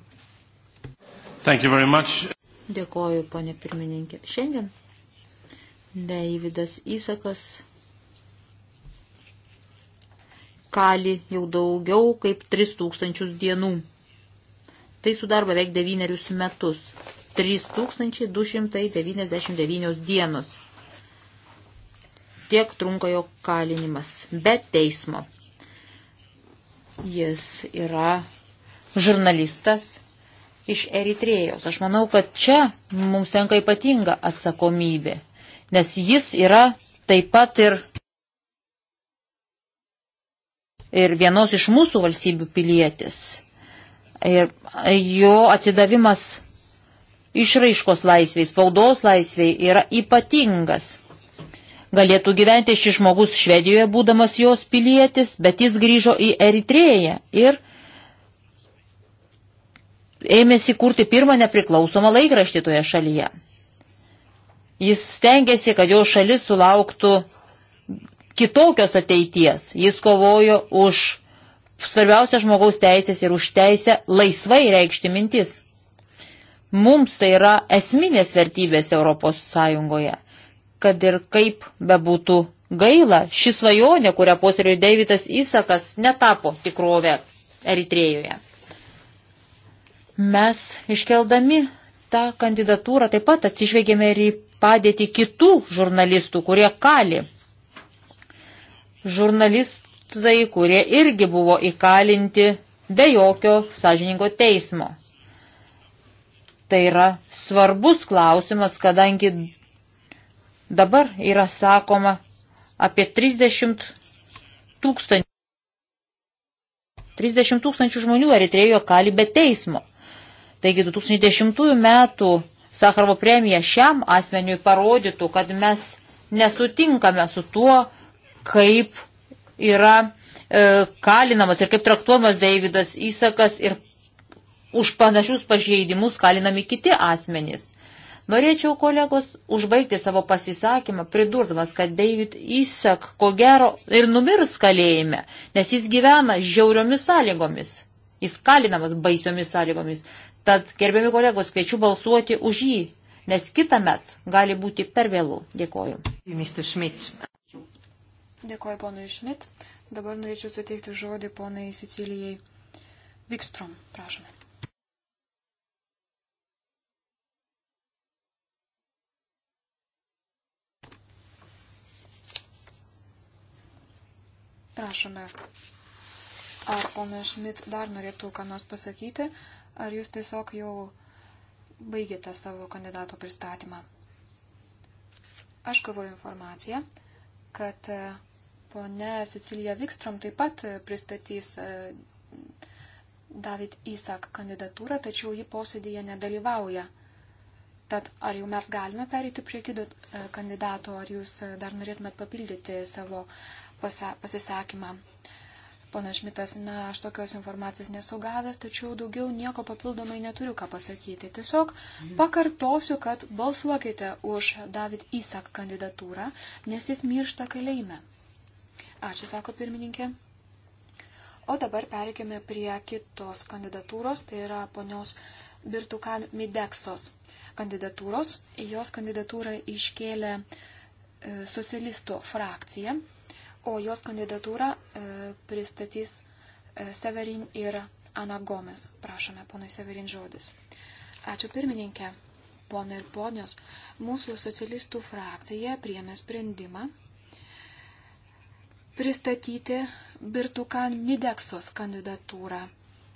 Dėkoju, ponė pirmininkė. Šiandien Deividas Įsakas kali jau daugiau kaip 3000 dienų. Tai sudar beveik devynerius metus. 3299 dienos. Tiek trunka jo kalinimas, be teismo. Jis yra žurnalistas iš Eritrėjos. Aš manau, kad čia mums tenka ypatinga atsakomybė, nes jis yra taip pat ir, ir vienos iš mūsų valstybių pilietis. Ir jo atsidavimas išraiškos laisviai, spaudos laisviai yra ypatingas. Galėtų gyventi šis žmogus Švedijoje būdamas jos pilietis, bet jis grįžo į Eritrėją ir ėmėsi kurti pirmą nepriklausomą laikraštį toje šalyje. Jis stengiasi, kad jo šalis sulauktų kitokios ateities. Jis kovojo už svarbiausia žmogaus teisės ir už teisę laisvai reikšti mintis. Mums tai yra esminės vertybės Europos Sąjungoje. Kad ir kaip bebūtų gaila, ši svajonė, kurią posėdėjo Deividas Įsakas, netapo tikrovę Eritrėjoje. Mes iškeldami tą kandidatūrą taip pat atsižvelgėme ir į padėtį kitų žurnalistų, kurie kali. Žurnalistai, kurie irgi buvo įkalinti be jokio sąžininko teismo. Tai yra svarbus klausimas, kadangi dabar yra sakoma apie 30 tūkstančių. 30 tūkstančių žmonių Eritrėjo kali be teismo. Taigi 2010 metų Sakarovo premija šiam asmeniui parodytų, kad mes nesutinkame su tuo, kaip yra e, kalinamas ir kaip traktuojamas Deividas Įsakas ir už panašius pažeidimus kalinami kiti asmenys. Norėčiau, kolegos, užbaigti savo pasisakymą, pridurdamas, kad David įsak, ko gero, ir numirs kalėjime, nes jis gyvena žiauriomis sąlygomis. Jis kalinamas baisiomis sąlygomis. Tad, gerbiami kolegos, kviečiu balsuoti už jį, nes kitą met gali būti per vėlų. Dėkoju. Dėkoju, ponui Šmit. Dabar norėčiau suteikti žodį ponai Sicilijai. Vikstrom, prašome. Prašome. Ar pana Šmit dar norėtų ką nors pasakyti, ar jūs tiesiog jau baigėte savo kandidato pristatymą? Aš gavau informaciją, kad e, ponia Cecilija Vikstrom taip pat e, pristatys e, David Isak kandidatūrą, tačiau ji posėdėje nedalyvauja. Tad ar jau mes galime pereiti prie kito kandidato, ar jūs dar norėtumėt papildyti savo pasa, pasisakymą. Pana Šmitas, na, aš tokios informacijos nesaugavęs, tačiau daugiau nieko papildomai neturiu ką pasakyti. Tiesiog mhm. pakartosiu, kad balsuokite už David Isak kandidatūrą, nes jis miršta kalėjime. Ačiū, sako pirmininkė. O dabar pereikime prie kitos kandidatūros, tai yra ponios Birtukan Mideksos kandidatūros. Jos kandidatūrą iškėlė e, socialistų frakcija o jos kandidatūrą e, pristatys e, Severin ir Ana Gomes. Prašome, ponai Severin žodis. Ačiū pirmininkė, ponai ir ponios. Mūsų socialistų frakcija priėmė sprendimą pristatyti Birtukan Mideksos kandidatūrą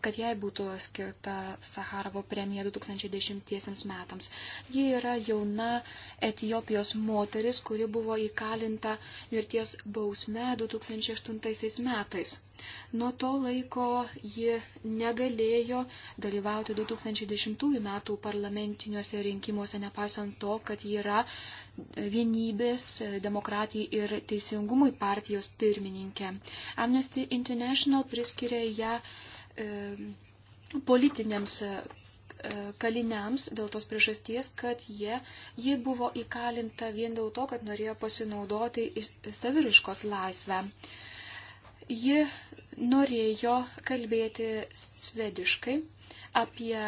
kad jai būtų skirta Saharovo premija 2010 metams. Ji yra jauna Etijopijos moteris, kuri buvo įkalinta mirties bausme 2008 metais. Nuo to laiko ji negalėjo dalyvauti 2010 metų parlamentiniuose rinkimuose, nepaisant to, kad ji yra vienybės, demokratijai ir teisingumui partijos pirmininkė. Amnesty International priskiria ją E, politiniams e, e, kaliniams dėl tos priežasties, kad jie, jie buvo įkalinta vien dėl to, kad norėjo pasinaudoti saviriškos laisvę. Ji norėjo kalbėti svediškai apie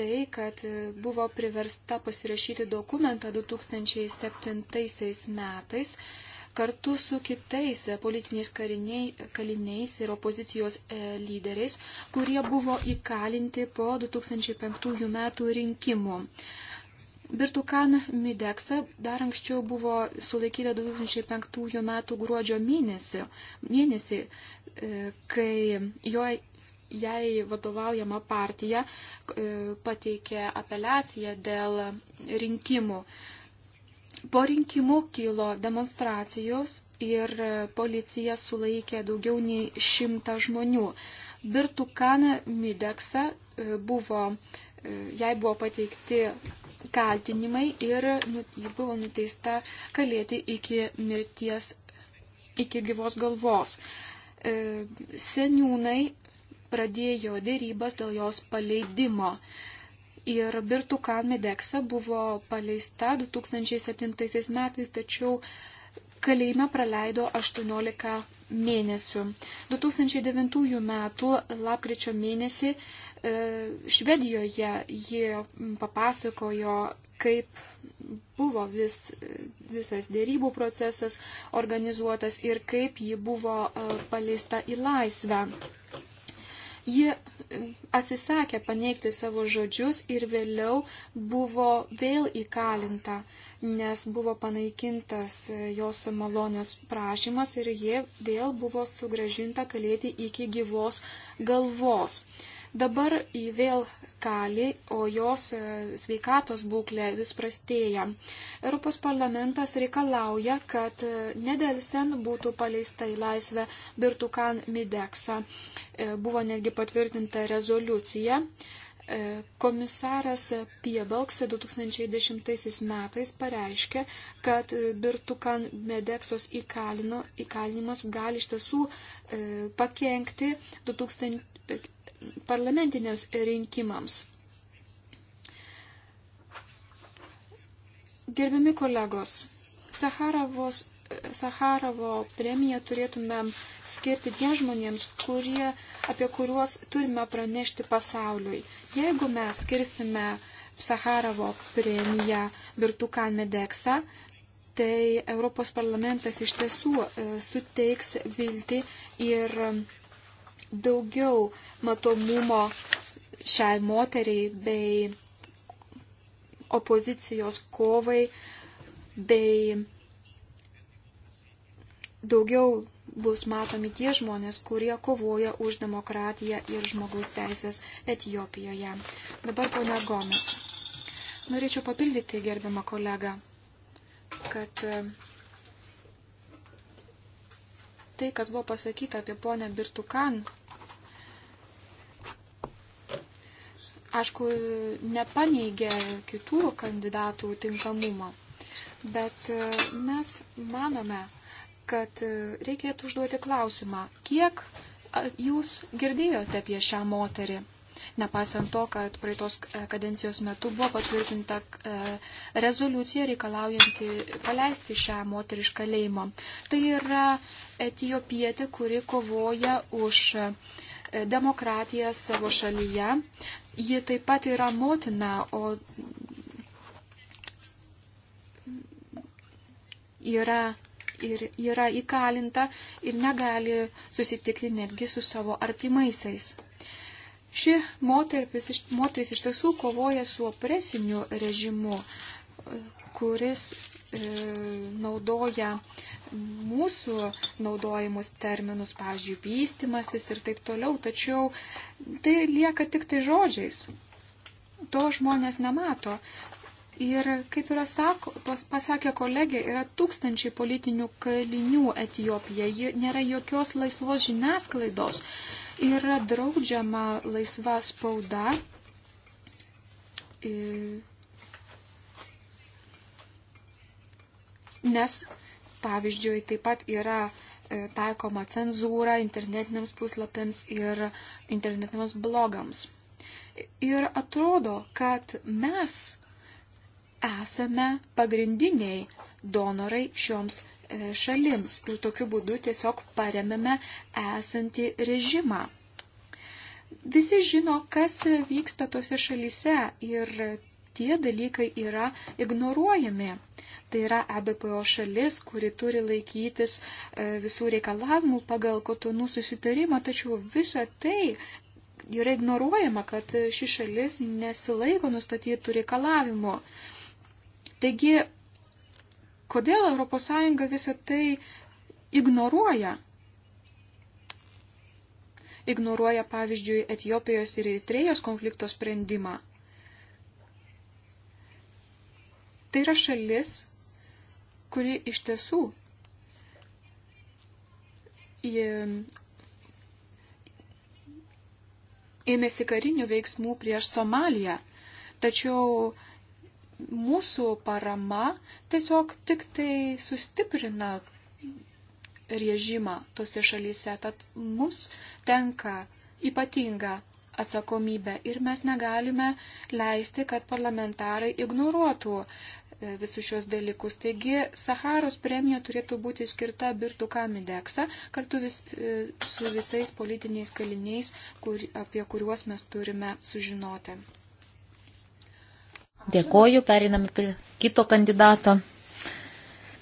tai, kad buvo priversta pasirašyti dokumentą 2007 metais Kartu su kitais politiniais kariniai, kaliniais ir opozicijos e, lyderiais, kurie buvo įkalinti po 2005 metų rinkimų. Birtukan Mideksa dar anksčiau buvo sulaikyta 2005 metų gruodžio mėnesį, mėnesį e, kai jo, jai vadovaujama partija e, pateikė apeliaciją dėl rinkimų. Po rinkimų kilo demonstracijos ir policija sulaikė daugiau nei šimtą žmonių. Birtukana Mideksa e, buvo, e, jai buvo pateikti kaltinimai ir nu, ji buvo nuteista kalėti iki mirties, iki gyvos galvos. E, seniūnai pradėjo dėrybas dėl jos paleidimo. Ir Birtu Kalmedeksa buvo paleista 2007 metais, tačiau kalėjime praleido 18 mėnesių. 2009 metų lapkričio mėnesį e, Švedijoje ji papasakojo, kaip buvo vis, visas dėrybų procesas organizuotas ir kaip ji buvo e, paleista į laisvę. Jie e, atsisakė paneigti savo žodžius ir vėliau buvo vėl įkalinta, nes buvo panaikintas e, jos malonės prašymas ir jie vėl buvo sugražinta kalėti iki gyvos galvos. Dabar į vėl kali, o jos e, sveikatos būklė vis prastėja. Europos parlamentas reikalauja, kad nedelsen būtų paleista į laisvę Birtukan Mideksa. Buvo netgi patvirtinta rezoliucija, e, komisaras Piebalks 2010 metais pareiškė, kad Birtukan Medeksos įkalino, įkalinimas gali iš tiesų e, pakengti 2000 parlamentiniams rinkimams. Gerbiami kolegos, Saharavos Saharovo premiją turėtumėm skirti tiem žmonėms, kurie, apie kuriuos turime pranešti pasauliui. Jeigu mes skirsime Saharovo premiją Birtukan Medeksa, tai Europos parlamentas iš tiesų e, suteiks viltį ir daugiau matomumo šiai moteriai bei opozicijos kovai bei daugiau bus matomi tie žmonės, kurie kovoja už demokratiją ir žmogaus teisės Etijopijoje. Dabar ponia Gomes. Norėčiau papildyti gerbiamą kolegą, kad e, tai, kas buvo pasakyta apie ponę Birtukan, aišku, nepaneigė kitų kandidatų tinkamumą. Bet e, mes manome, kad e, reikėtų užduoti klausimą, kiek jūs girdėjote apie šią moterį? Nepaisant to, kad praeitos e, kadencijos metu buvo patvirtinta e, rezoliucija reikalaujanti paleisti šią moterį iš kalėjimo. Tai yra etijopietė, kuri kovoja už demokratiją savo šalyje. Ji taip pat yra motina, o yra ir yra įkalinta ir negali susitikti netgi su savo artimaisiais. Ši moteris, moteris iš tiesų kovoja su opresiniu režimu, kuris e, naudoja mūsų naudojimus terminus, pavyzdžiui, vystimasis ir taip toliau, tačiau tai lieka tik tai žodžiais. To žmonės nemato. Ir kaip yra sako, pas, pasakė kolegė, yra tūkstančiai politinių kalinių Etijopija, Ji, nėra jokios laisvos žiniasklaidos, yra draudžiama laisva spauda. Ir... E, nes, pavyzdžiui, taip pat yra e, taikoma cenzūra internetiniams puslapiams ir internetiniams blogams. Ir atrodo, kad mes esame pagrindiniai donorai šioms e, šalims ir tokiu būdu tiesiog paremėme esantį režimą. Visi žino, kas vyksta tose šalyse ir tie dalykai yra ignoruojami. Tai yra ABPO šalis, kuri turi laikytis e, visų reikalavimų pagal kotonų susitarimą, tačiau visa tai yra ignoruojama, kad ši šalis nesilaiko nustatytų reikalavimų. Taigi, kodėl ES visą tai ignoruoja? Ignoruoja, pavyzdžiui, Etijopijos ir Eritrejos konflikto sprendimą. Tai yra šalis, kuri iš tiesų ėmėsi karinių veiksmų prieš Somaliją. Tačiau mūsų parama tiesiog tik tai sustiprina režimą tose šalyse, tad mums tenka ypatinga atsakomybė ir mes negalime leisti, kad parlamentarai ignoruotų e, visus šios dalykus. Taigi Saharos premija turėtų būti skirta Birtu Kamideksa kartu vis, e, su visais politiniais kaliniais, kur, apie kuriuos mes turime sužinoti. Dėkoju, periname prie kito kandidato.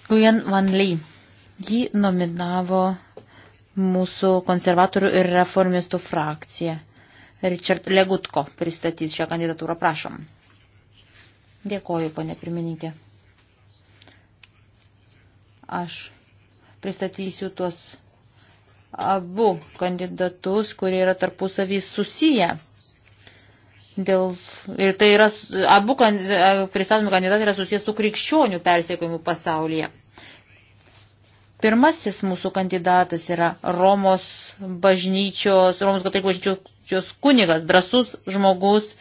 Nguyen Van Lee. Jį nominavo mūsų konservatorių ir reformistų frakcija. Richard Legutko pristatys šią kandidatūrą, prašom. Dėkoju, ponė pirmininkė. Aš pristatysiu tuos abu kandidatus, kurie yra tarpusavį susiję. Dėl, ir tai yra, abu kan, pristatomi kandidatai yra susijęs su krikščionių persiekimu pasaulyje. Pirmasis mūsų kandidatas yra Romos bažnyčios, Romos katalikų bažnyčios kunigas, drasus žmogus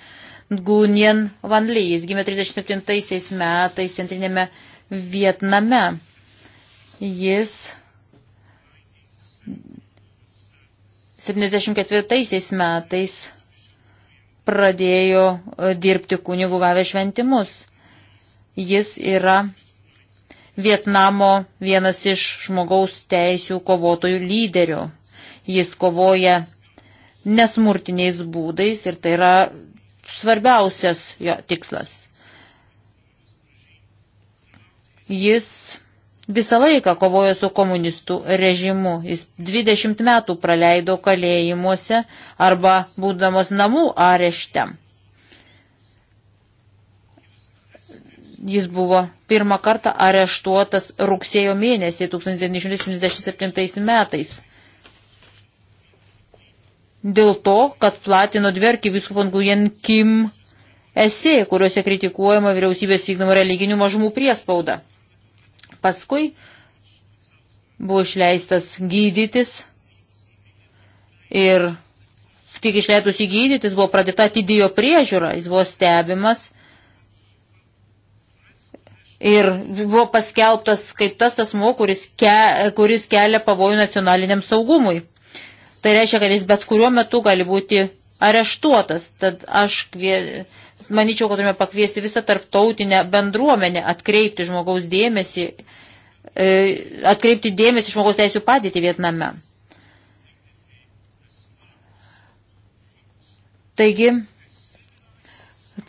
Gunien Van Lee. Jis gimė 37 metais centrinėme Vietname. Jis 74 metais pradėjo e, dirbti kunigų gavę šventimus. Jis yra Vietnamo vienas iš žmogaus teisių kovotojų lyderių. Jis kovoja nesmurtiniais būdais ir tai yra svarbiausias jo tikslas. Jis visą laiką kovojo su komunistų režimu. Jis 20 metų praleido kalėjimuose arba būdamas namų arešte. Jis buvo pirmą kartą areštuotas rugsėjo mėnesį 1977 metais. Dėl to, kad platino dverkį viskupon Gujen Kim esė, kuriuose kritikuojama vyriausybės vykdoma religinių mažumų priespauda. Paskui buvo išleistas gydytis ir tik išleidus į gydytis buvo pradėta atidėjo priežiūra, jis buvo stebimas ir buvo paskelbtas kaip tas asmo, kuris, ke, kuris kelia pavojų nacionaliniam saugumui. Tai reiškia, kad jis bet kuriuo metu gali būti areštuotas. Tad aš kvie, manyčiau, kad turime pakviesti visą tarptautinę bendruomenę atkreipti žmogaus dėmesį, e, atkreipti dėmesį žmogaus teisų padėti Vietname. Taigi,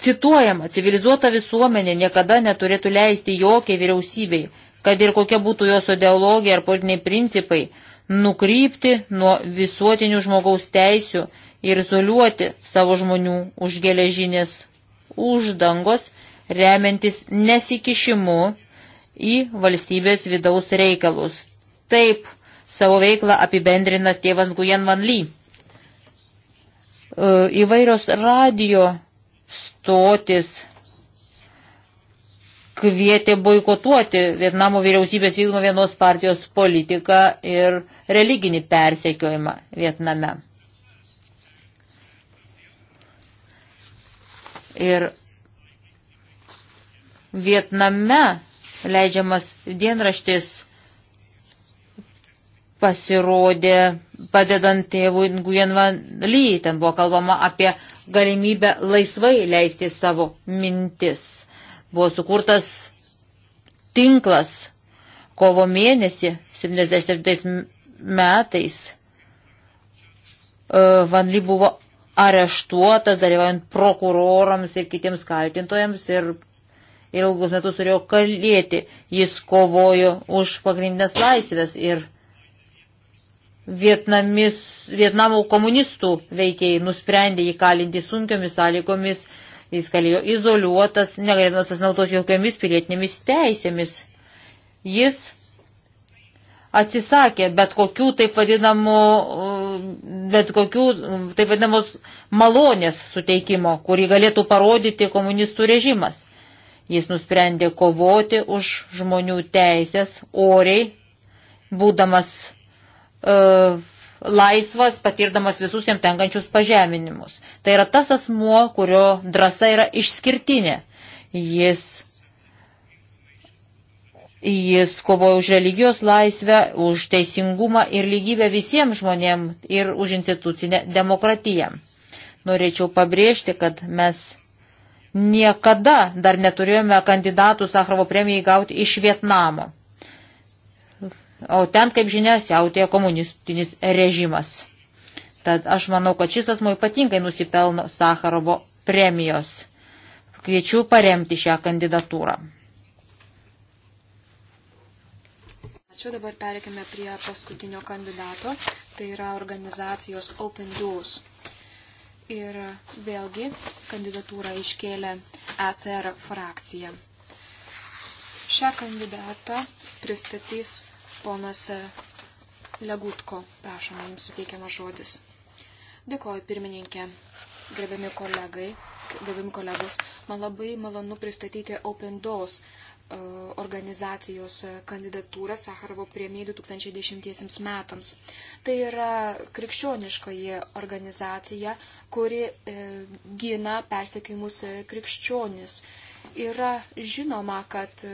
cituojama, civilizuota visuomenė niekada neturėtų leisti jokiai vyriausybei, kad ir kokia būtų jos ideologija ar politiniai principai, nukrypti nuo visuotinių žmogaus teisių ir izoliuoti savo žmonių už geležinės uždangos remiantis nesikišimu į valstybės vidaus reikalus. Taip savo veiklą apibendrina tėvas Gujan Van Lee. E, įvairios radio stotis kvietė boikotuoti Vietnamo vyriausybės vykdomą vienos partijos politiką ir religinį persekiojimą Vietname. Ir Vietname leidžiamas dienraštis pasirodė padedant tėvui Nguyen Van Ly. Ten buvo kalbama apie galimybę laisvai leisti savo mintis. Buvo sukurtas tinklas kovo mėnesį 77 metais. E, Van Ly buvo areštuotas, dalyvaujant prokurorams ir kitiems kaltintojams ir ilgus metus turėjo kalėti. Jis kovojo už pagrindinės laisvės ir Vietnamis, Vietnamo komunistų veikiai nusprendė jį kalinti sunkiomis sąlygomis, jis kalėjo izoliuotas, negalėdamas pasinaudoti jokiamis pilietinėmis teisėmis. Jis atsisakė bet kokių taip vadinamų, bet kokių taip vadinamos malonės suteikimo, kurį galėtų parodyti komunistų režimas. Jis nusprendė kovoti už žmonių teisės oriai, būdamas e, laisvas, patirdamas visus jam tenkančius pažeminimus. Tai yra tas asmuo, kurio drąsa yra išskirtinė. Jis Jis kovojo už religijos laisvę, už teisingumą ir lygybę visiems žmonėms ir už institucinę demokratiją. Norėčiau pabrėžti, kad mes niekada dar neturėjome kandidatų Sakrovo premijai gauti iš Vietnamo. O ten, kaip žinia, siautėjo komunistinis režimas. Tad aš manau, kad šis asmo ypatingai nusipelno Sakarovo premijos. Kviečiu paremti šią kandidatūrą. Ačiū, dabar perėkime prie paskutinio kandidato, tai yra organizacijos Open Doors. Ir vėlgi kandidatūrą iškėlė ECR frakcija. Šią kandidatą pristatys ponas Legutko. Prašome, jums suteikiamas žodis. Dėkuoju, pirmininkė, gerbiami kolegai, gerbiami kolegos. Man labai malonu pristatyti Open Doors E, organizacijos kandidatūrą Sakarovo premijai 2010 metams. Tai yra krikščioniškoji organizacija, kuri e, gina persekimus krikščionis. Yra žinoma, kad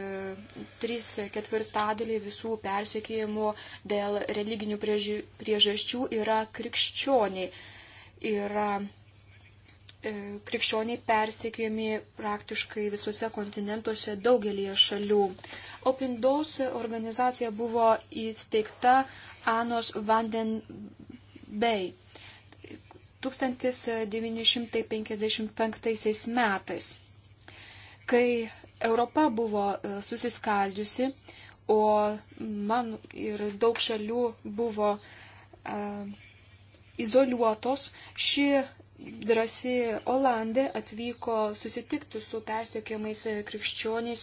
3 e, ketvirtadaliai visų persekėjimų dėl religinių priežasčių yra krikščioniai. Yra E, krikščioniai persikėjami praktiškai visose kontinentuose daugelie šalių. Open Doors organizacija buvo įsteigta Anos Vanden Bay 1955 metais, kai Europa buvo e, susiskaldžiusi, o man ir daug šalių buvo uh, izoliuotos, ši drasi Olandė atvyko susitikti su persiekiamais krikščioniais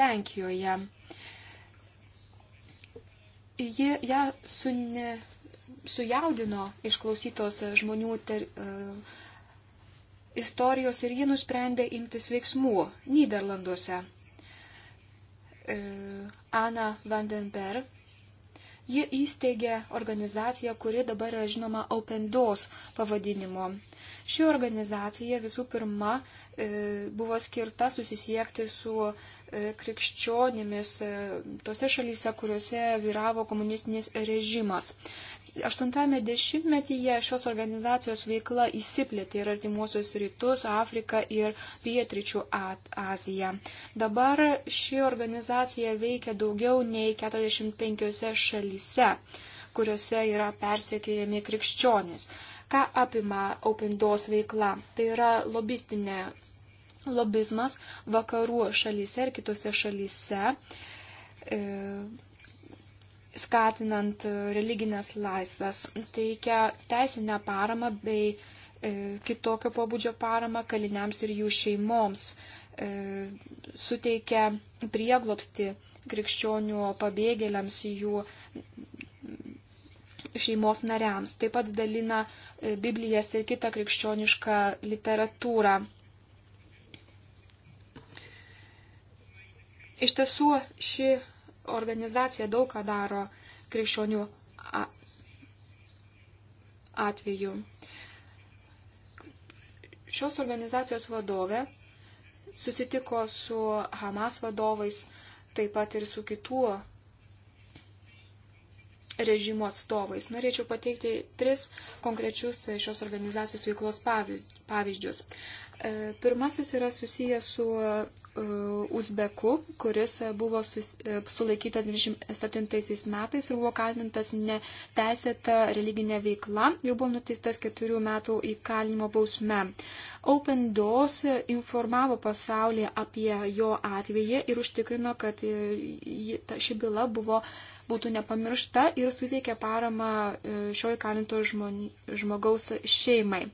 Lenkijoje. Ji ją su ne, sujaudino išklausytos žmonių ter, uh, istorijos ir ji nusprendė imtis veiksmų Niderlanduose. Uh, e, Ana Vandenberg Ji įsteigė organizaciją, kuri dabar yra žinoma Open Doors pavadinimu. Ši organizacija visų pirma e, buvo skirta susisiekti su E, krikščionimis e, tose šalyse, kuriuose vyravo komunistinis režimas. 80-ame dešimtmetyje šios organizacijos veikla įsiplėtė ir artimuosius rytus, Afriką ir Pietričių Aziją. Dabar ši organizacija veikia daugiau nei 45 šalyse kuriuose yra persekiojami krikščionys. Ką apima Open Doors veikla? Tai yra lobistinė lobizmas vakarų šalyse ir kitose šalyse, e, skatinant religinės laisvės, teikia teisinę paramą bei e, kitokio pobūdžio paramą kaliniams ir jų šeimoms, e, suteikia prieglopsti krikščionių pabėgėliams jų šeimos nariams. Taip pat dalina e, Biblijas ir kitą krikščionišką literatūrą Iš tiesų, ši organizacija daug ką daro krikščionių atveju. Šios organizacijos vadovė susitiko su Hamas vadovais, taip pat ir su kitų režimo atstovais. Norėčiau pateikti tris konkrečius šios organizacijos veiklos pavyzdžius. E, pirmasis yra susijęs su e, Uzbeku, kuris buvo e, sulaikyta 27 metais ir buvo kaltintas neteisėta religinė veikla ir buvo nuteistas keturių metų įkalinimo bausme. Open Doors informavo pasaulį apie jo atvejį ir užtikrino, kad ši byla buvo būtų nepamiršta ir suteikė paramą e, šio įkalinto žmogaus šeimai.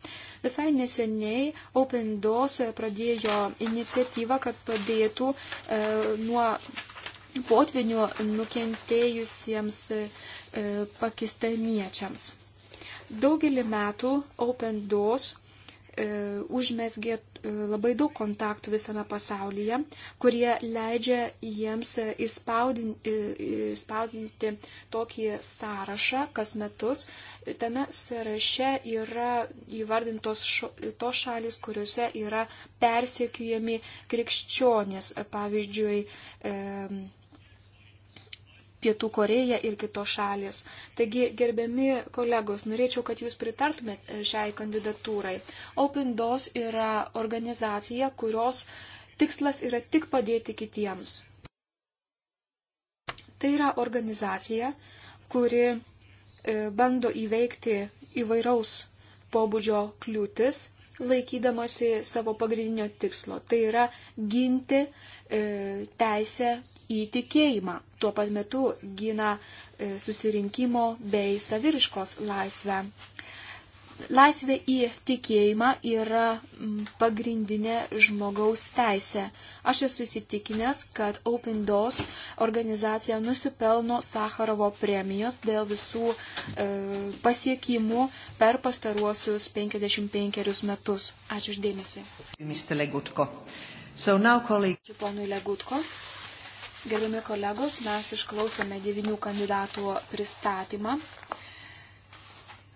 Visai neseniai Open Doors pradėjo iniciatyvą, kad padėtų e, nuo potvinių nukentėjusiems e, pakistaniečiams. Daugelį metų Open Doors e, užmesgė labai daug kontaktų visame pasaulyje, kurie leidžia jiems įspaudinti, įspaudinti tokį sąrašą kas metus. Tame sąraše yra įvardintos tos šalis, kuriuose yra persekiojami krikščionis, pavyzdžiui, Pietų Koreja ir kitos šalis. Taigi, gerbiami kolegos, norėčiau, kad jūs pritartumėt e, šiai kandidatūrai. Open Doors yra organizacija, kurios tikslas yra tik padėti kitiems. Tai yra organizacija, kuri e, bando įveikti įvairaus pobūdžio kliūtis laikydamasi savo pagrindinio tikslo. Tai yra ginti e, teisę į tikėjimą. Tuo pat metu gina e, susirinkimo bei saviriškos laisvę. Laisvė į tikėjimą yra pagrindinė žmogaus teisė. Aš esu įsitikinęs, kad Open Doors organizacija nusipelno Sakarovo premijos dėl visų e, pasiekimų per pastaruosius 55 metus. Ačiū uždėmesi. Mr. Legutko. So now, colleague... Ačiū ponui Legutko. Gerbiami kolegos, mes išklausėme devinių kandidatų pristatymą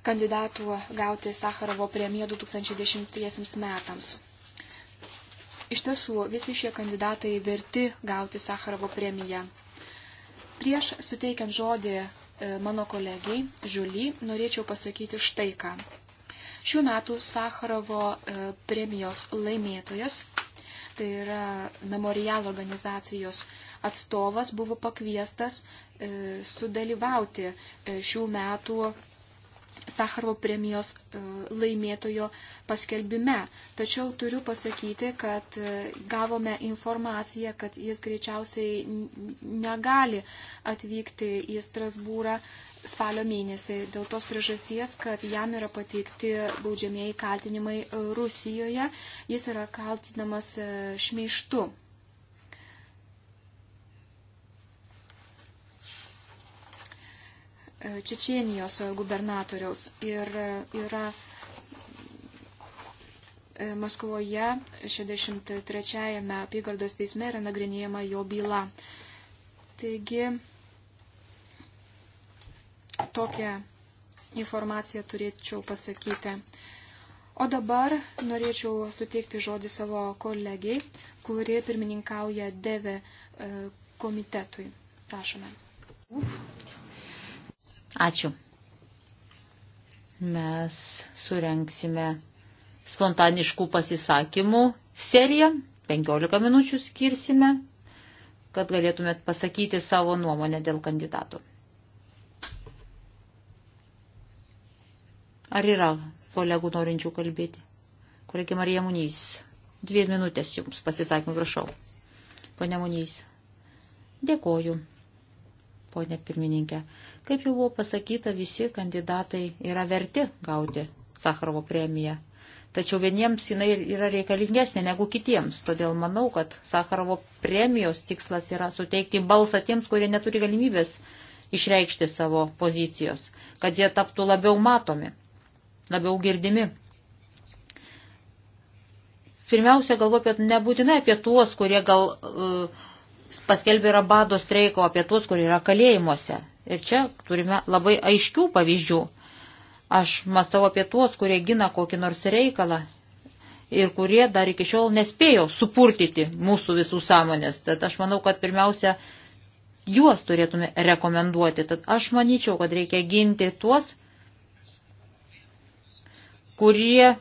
kandidatų gauti Sakarovo premiją 2010 metams. Iš tiesų, visi šie kandidatai verti gauti Sakarovo premiją. Prieš suteikiant žodį e, mano kolegiai Žiuly, norėčiau pasakyti štai ką. Šių metų Sakarovo e, premijos laimėtojas, tai yra memorialo organizacijos atstovas, buvo pakviestas e, sudalyvauti šių metų Sakarovo premijos e, laimėtojo paskelbime. Tačiau turiu pasakyti, kad e, gavome informaciją, kad jis greičiausiai negali atvykti į Strasbūrą spalio mėnesį dėl tos priežasties, kad jam yra pateikti baudžiamieji kaltinimai e, Rusijoje. Jis yra kaltinamas šmeištu Čečienijos gubernatoriaus ir e, yra e, Maskvoje 63-ame apygardos teisme yra nagrinėjama jo byla. Taigi tokią informaciją turėčiau pasakyti. O dabar norėčiau suteikti žodį savo kolegiai, kuri pirmininkauja DEVE e, komitetui. Prašome. Uf. Ačiū. Mes surenksime spontaniškų pasisakymų seriją. 15 minučių skirsime, kad galėtumėt pasakyti savo nuomonę dėl kandidatų. Ar yra kolegų norinčių kalbėti? Kolegė Marija Munys. Dvi minutės jums pasisakymų, prašau. Pone Munys. Dėkoju ponė pirmininkė. Kaip jau buvo pasakyta, visi kandidatai yra verti gauti Sakarovo premiją. Tačiau vieniems jinai yra reikalingesnė negu kitiems. Todėl manau, kad Sakarovo premijos tikslas yra suteikti balsą tiems, kurie neturi galimybės išreikšti savo pozicijos, kad jie taptų labiau matomi, labiau girdimi. Pirmiausia, galvoju apie, nebūtinai apie tuos, kurie gal uh, paskelbė yra bado streiko apie tuos, kurie yra kalėjimuose. Ir čia turime labai aiškių pavyzdžių. Aš mastau apie tuos, kurie gina kokį nors reikalą ir kurie dar iki šiol nespėjo supurtyti mūsų visų sąmonės. Tad aš manau, kad pirmiausia, juos turėtume rekomenduoti. Tad aš manyčiau, kad reikia ginti tuos, kurie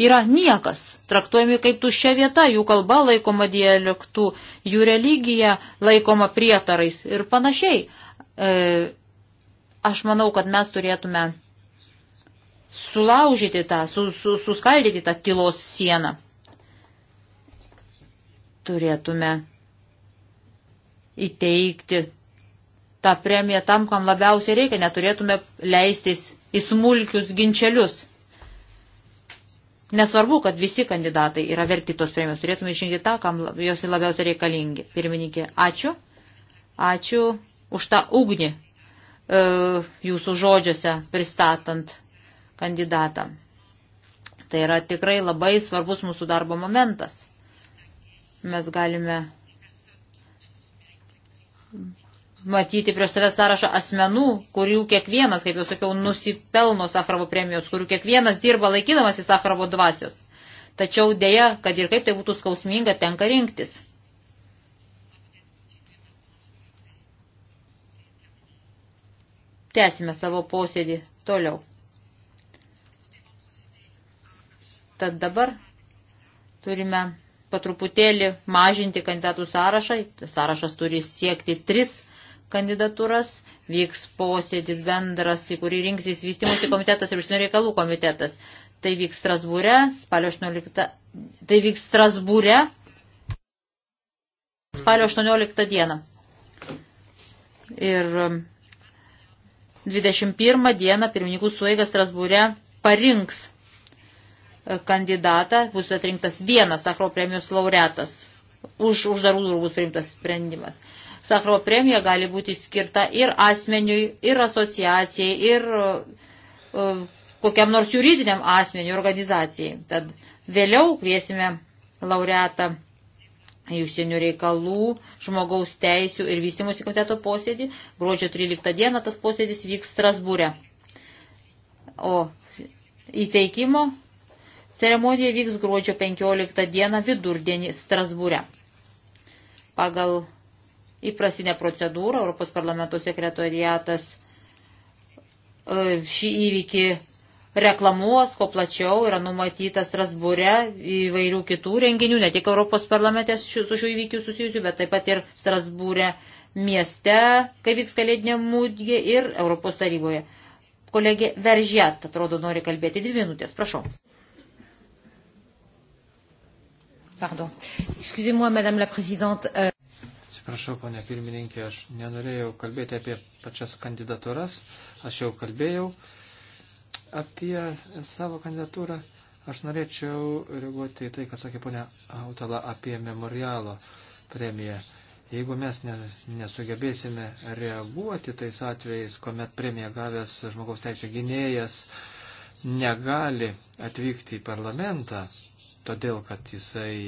yra niekas, traktuojami kaip tuščia vieta, jų kalba laikoma dialektų, jų religija laikoma prietarais ir panašiai. E, aš manau, kad mes turėtume sulaužyti tą, su, su, suskaldyti tą tylos sieną. Turėtume įteikti tą premiją tam, kam labiausiai reikia, neturėtume leistis į smulkius ginčelius. Nesvarbu, kad visi kandidatai yra verti tos premijos. Turėtume išrinkti tą, kam jos labiausiai reikalingi. Pirmininkė, ačiū. Ačiū už tą ugnį e, jūsų žodžiuose pristatant kandidatą. Tai yra tikrai labai svarbus mūsų darbo momentas. Mes galime matyti prieš save sąrašą asmenų, kurių kiekvienas, kaip jau sakiau, nusipelno Sakarovo premijos, kurių kiekvienas dirba laikydamas į Sakarovo dvasios. Tačiau dėja, kad ir kaip tai būtų skausminga, tenka rinktis. Tęsime savo posėdį toliau. Tad dabar turime patruputėlį mažinti kandidatų sąrašą. Sąrašas turi siekti tris kandidatūras, vyks posėdis bendras, į kurį rinksis vystimosi komitetas ir užsienio reikalų komitetas. Tai vyks Strasbūre, spalio 18, tai vyks Strasbūre spalio 18 dieną. Ir 21 um, dieną pirmininkų suėgas Strasbūre parinks e, kandidatą, bus atrinktas vienas Sakro premijos laureatas. Už uždarų durų bus priimtas sprendimas. Sakro premija gali būti skirta ir asmeniui, ir asociacijai, ir uh, uh, kokiam nors juridiniam asmeniui, organizacijai. Tad vėliau kviesime laureatą į užsienio reikalų, žmogaus teisų ir vystimosi komiteto posėdį. Gruodžio 13 dieną tas posėdis vyks Strasbūre. O įteikimo ceremonija vyks gruodžio 15 dieną vidurdienį Strasbūre. Pagal įprastinę procedūrą. Europos parlamento sekretoriatas e, šį įvykį reklamuos, ko plačiau yra numatytas Strasbūre įvairių kitų renginių, ne tik Europos parlamente su šiuo įvykiu susijusiu, bet taip pat ir Strasbūre mieste, kai vyks kalėdinė mūdė ir Europos taryboje. Kolegė Veržėt, atrodo, nori kalbėti dvi minutės, prašau. Pardon. Excusez-moi, Madame la Présidente. Euh... Atsiprašau, ponė pirmininkė, aš nenorėjau kalbėti apie pačias kandidatūras, aš jau kalbėjau apie savo kandidatūrą. Aš norėčiau reaguoti į tai, ką sakė ponė Autala apie memorialo premiją. Jeigu mes ne, nesugebėsime reaguoti tais atvejais, kuomet premiją gavęs žmogaus teisų gynėjas negali atvykti į parlamentą, todėl kad jisai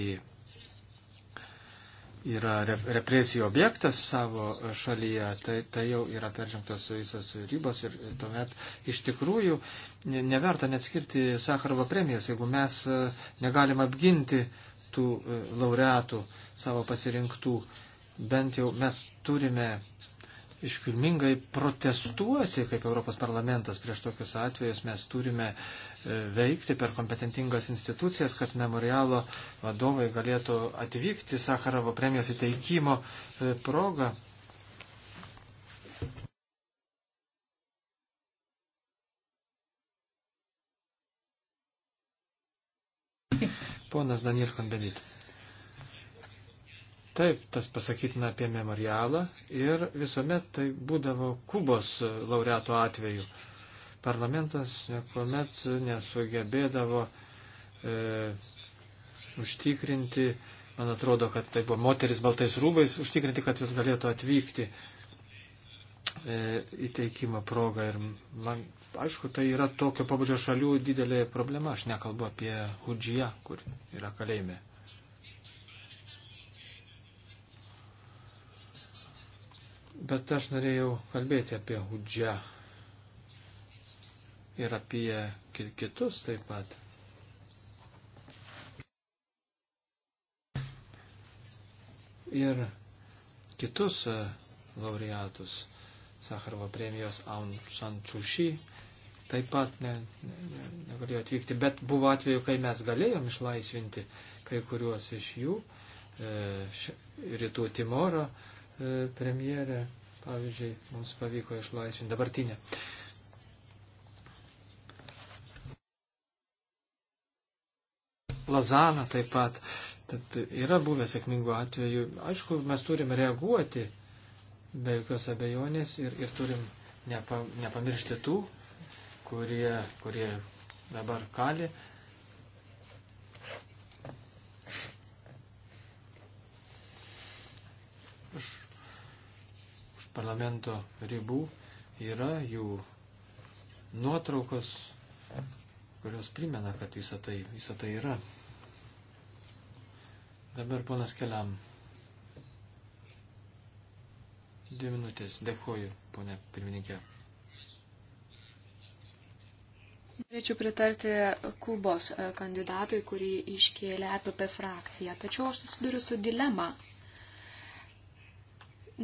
yra represijų objektas savo šalyje, tai, tai jau yra peržengtos visos ribos ir tuomet iš tikrųjų neverta net skirti Sakarovo premijas, jeigu mes e, negalim apginti tų e, laureatų savo pasirinktų. Bent jau mes turime iškilmingai protestuoti kaip Europos parlamentas prieš tokius atvejus. Mes turime e, veikti per kompetentingas institucijas, kad memorialo vadovai galėtų atvykti Sakarovo premijos įteikimo e, progą. Ponas Daniel Konbedit. Taip, tas pasakytina apie memorialą ir visuomet tai būdavo Kubos laureato atveju. Parlamentas niekuomet nesugebėdavo e, užtikrinti, man atrodo, kad tai buvo moteris baltais rūbais, užtikrinti, kad jūs galėtų atvykti e, įteikimo progą. Ir man, aišku, tai yra tokio pabudžio šalių didelė problema. Aš nekalbu apie Hudžiją, kur yra kalėjime. Bet aš norėjau kalbėti apie Hudžią ir apie kitus taip pat. Ir kitus e, laureatus Sakarovo premijos Aung San Čiuši taip pat ne, ne, ne, negalėjo atvykti, bet buvo atveju, kai mes galėjom išlaisvinti kai kuriuos iš jų, e, š, rytų Timoro, e, E, premjerė, pavyzdžiui, mums pavyko išlaisvinti dabartinę. Lazana taip pat. Tad yra buvę sėkmingų atvejų. Aišku, mes turim reaguoti be jokios abejonės ir, ir turim nepa, nepamiršti tų, kurie, kurie dabar kali parlamento ribų yra jų nuotraukos, kurios primena, kad visą tai, visą tai yra. Dabar ponas keliam. Dvi minutės. Dėkuoju, ponė pirmininkė. Norėčiau pritarti Kubos e, kandidatui, kurį iškėlė APP e frakcija. Tačiau aš susiduriu su dilema.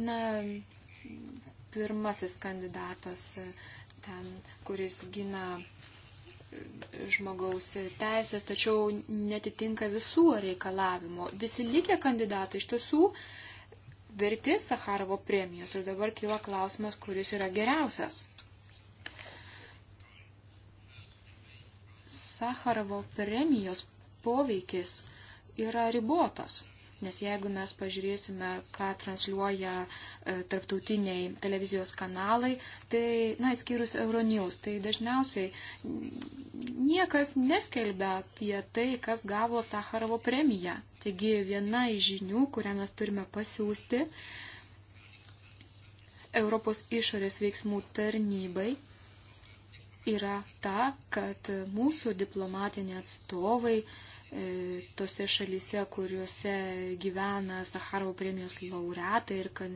Na, pirmasis kandidatas e, ten, kuris gina e, žmogaus teisės, tačiau netitinka visų reikalavimo. Visi likę kandidatai iš tiesų verti Sakarovo premijos ir dabar kyla klausimas, kuris yra geriausias. Sakarovo premijos poveikis yra ribotas. Nes jeigu mes pažiūrėsime, ką transliuoja e, tarptautiniai televizijos kanalai, tai, na, įskyrus Euronews, tai dažniausiai niekas neskelbia apie tai, kas gavo Sakarovo premiją. Taigi viena iš žinių, kurią mes turime pasiūsti Europos išorės veiksmų tarnybai, yra ta, kad mūsų diplomatiniai atstovai E, tose šalyse, kuriuose gyvena Saharovo premijos laureatai ir kad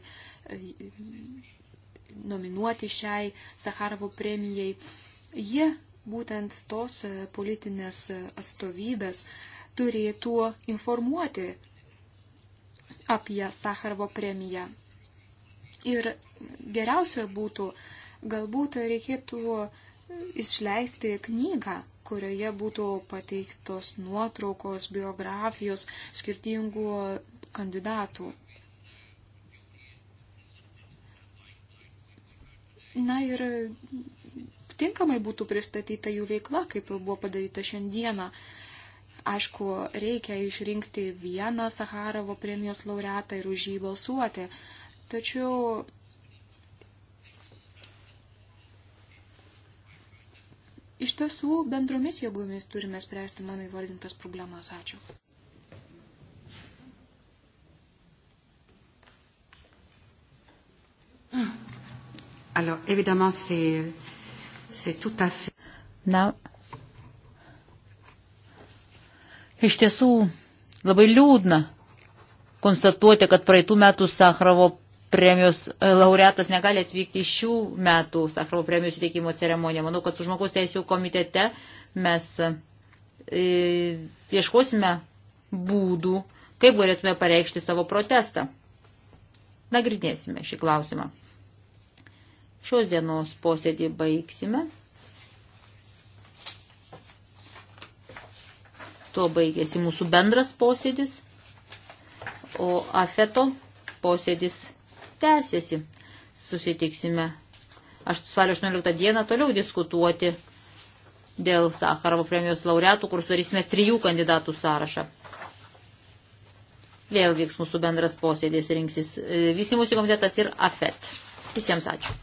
e, nominuoti šiai Saharovo premijai. Jie būtent tos e, politinės atstovybės turėtų informuoti apie Saharovo premiją. Ir geriausia būtų, galbūt reikėtų uh, išleisti knygą, kurioje būtų pateiktos nuotraukos, biografijos skirtingų kandidatų. Na ir tinkamai būtų pristatyta jų veikla, kaip buvo padaryta šiandieną. Aišku, reikia išrinkti vieną Sakarovo premijos laureatą ir už jį balsuoti. Tačiau Iš tiesų, bendromis jėgomis turime spręsti mano įvardintas problemas. Ačiū. Alors, évidemment, c'est tout à fait. Na, iš tiesų labai liūdna konstatuoti, kad praeitų metų Sakrovo premijos e, laureatas negali atvykti šių metų Sakrovo premijos įteikimo ceremoniją. Manau, kad su žmogaus teisėjų komitete mes e, ieškosime būdų, kaip galėtume pareikšti savo protestą. Nagrinėsime šį klausimą. Šios dienos posėdį baigsime. Tuo baigėsi mūsų bendras posėdis, o afeto posėdis tęsiasi. Susitiksime aš spalio 18 dieną toliau diskutuoti dėl Sakarovo premijos laureatų, kur sudarysime trijų kandidatų sąrašą. Vėl vyks mūsų bendras posėdės rinksis e, Vystimusi komitetas ir AFET. Visiems ačiū.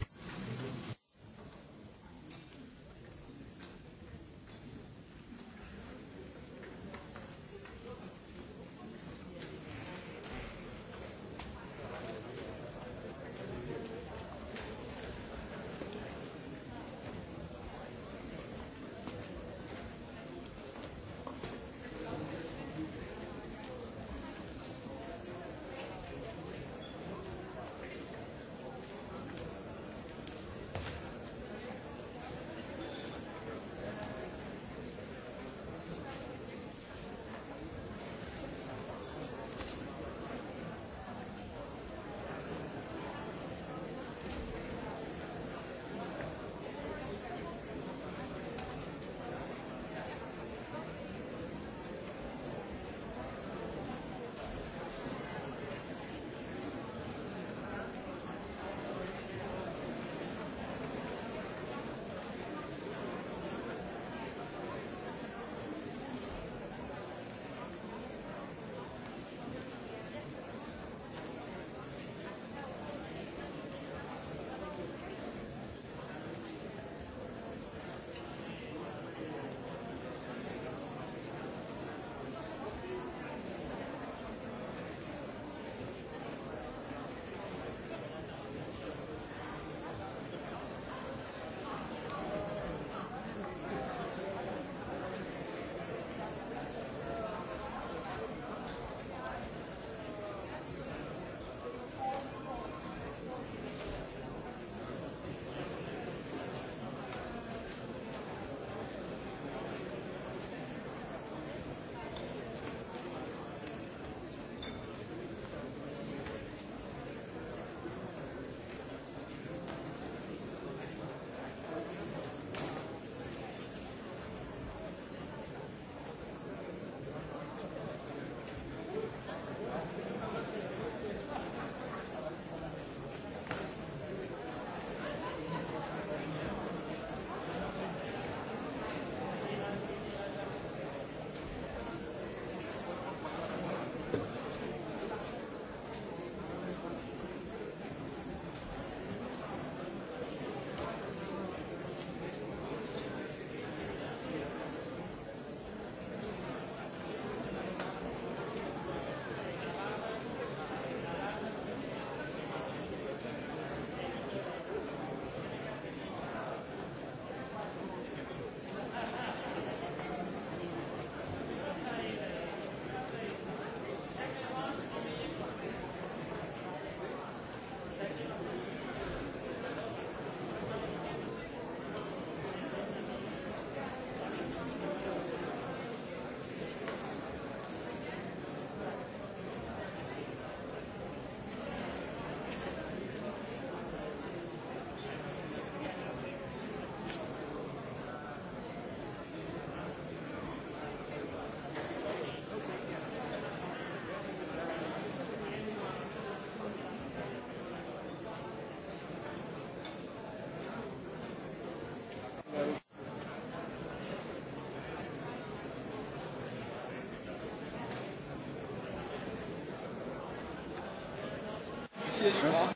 Merci.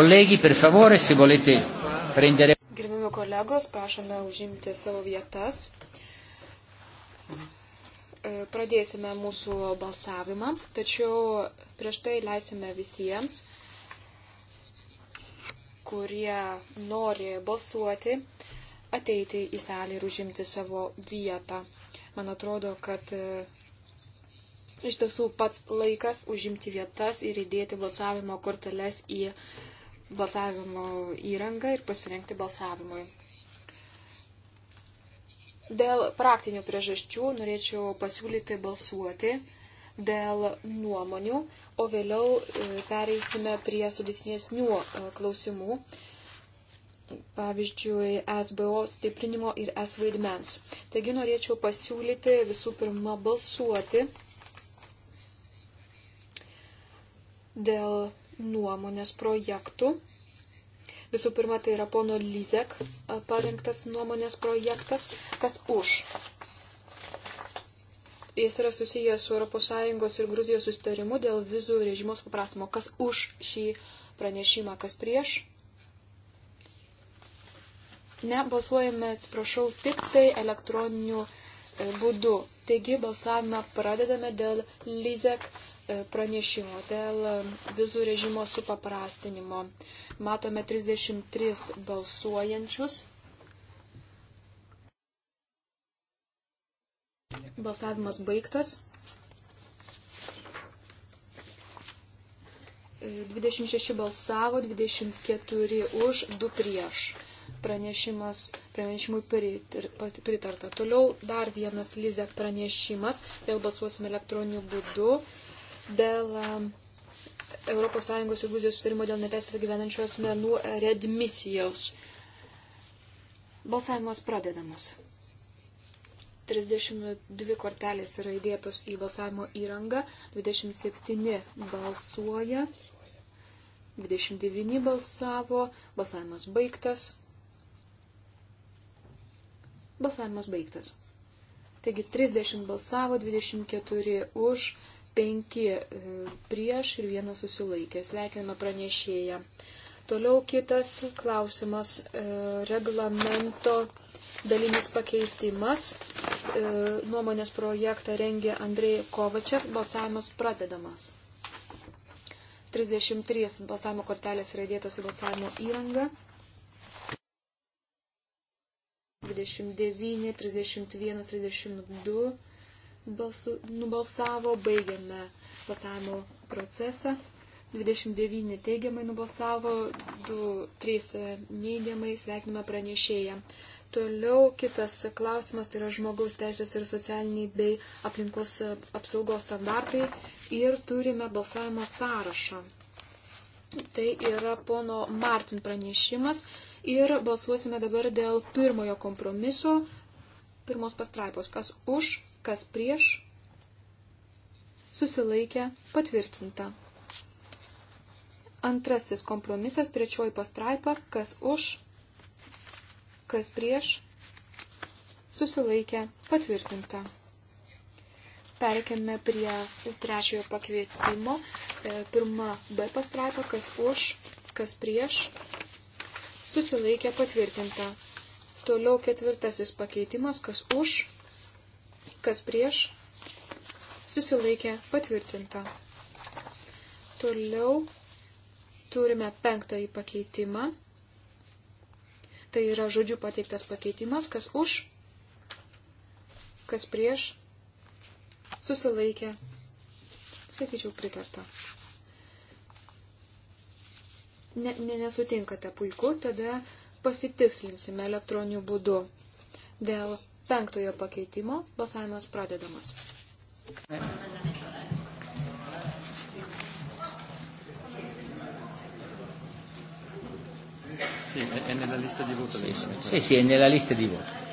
Colleghi, per favore, se volete prendere. Gerbimi kolegos, prašome užimti savo vietas. E, pradėsime mūsų balsavimą, tačiau prieš tai leisime visiems, kurie nori balsuoti, ateiti į salę ir užimti savo vietą. Man atrodo, kad e, iš tiesų pats laikas užimti vietas ir įdėti balsavimo korteles į balsavimo įrangą ir pasirinkti balsavimui. Dėl praktinių priežasčių norėčiau pasiūlyti balsuoti dėl nuomonių, o vėliau e, pereisime prie sudėtinėsnių e, klausimų, pavyzdžiui, SBO stiprinimo ir S vaidmens. Taigi norėčiau pasiūlyti visų pirma balsuoti dėl nuomonės projektų. Visų pirma, tai yra pono Lizek parengtas nuomonės projektas, kas už. Jis yra susijęs su ES ir Gruzijos sustarimu dėl vizų režimo suprasmo. Kas už šį pranešimą, kas prieš? Ne, balsuojame, atsiprašau, tik tai elektroniniu e, būdu. Taigi balsavimą pradedame dėl Lizek E, pranešimo dėl vizų režimo supaprastinimo. Matome 33 balsuojančius. Balsavimas baigtas. 26 e, balsavo, 24 už, 2 prieš. Pranešimas, pranešimui pritarta. Toliau dar vienas Lizek pranešimas. Vėl balsuosime elektroniniu būdu dėl ES ir Gruzijos sutarimo dėl neteisėtai gyvenančių asmenų redmisijos. Balsavimas pradedamas. 32 kortelės yra įdėtos į balsavimo įrangą, 27 balsuoja, 29 balsavo, balsavimas baigtas. Balsavimas baigtas. Taigi 30 balsavo, 24 už, 5 e, prieš ir vienas susilaikė. Sveikiname pranešėją. Toliau kitas klausimas e, - reglamento dalinis pakeitimas. E, nuomonės projektą rengė Andrei Kovačev. Balsavimas pradedamas. 33 balsavimo kortelės yra įdėtos į balsavimo įrangą. 29, 31, 32 balsų nubalsavo, baigiame balsavimo procesą. 29 teigiamai nubalsavo, 2, 3 e, neigiamai, sveikiname pranešėją. Toliau kitas klausimas, tai yra žmogaus teisės ir socialiniai bei aplinkos e, apsaugos standartai ir turime balsavimo sąrašą. Tai yra pono Martin pranešimas ir balsuosime dabar dėl pirmojo kompromiso, pirmos pastraipos, kas už, kas prieš, susilaikė, patvirtinta. Antrasis kompromisas, trečioji pastraipa, kas už, kas prieš, susilaikė, patvirtinta. Perkime prie trečiojo pakvietimo. E, pirma B pastraipa, kas už, kas prieš, susilaikė patvirtinta. Toliau ketvirtasis pakeitimas, kas už, kas prieš, susilaikė patvirtinta. Toliau turime penktąjį pakeitimą. Tai yra žodžių pateiktas pakeitimas, kas už, kas prieš, susilaikė, sakyčiau, pritarta. Ne, ne, nesutinkate puiku, tada pasitikslinsime elektroniniu būdu dėl penktojo pakeitimo balsavimas pradedamas. Sì, è nella lista di voto. Sì, sì, sì, è nella lista di voto.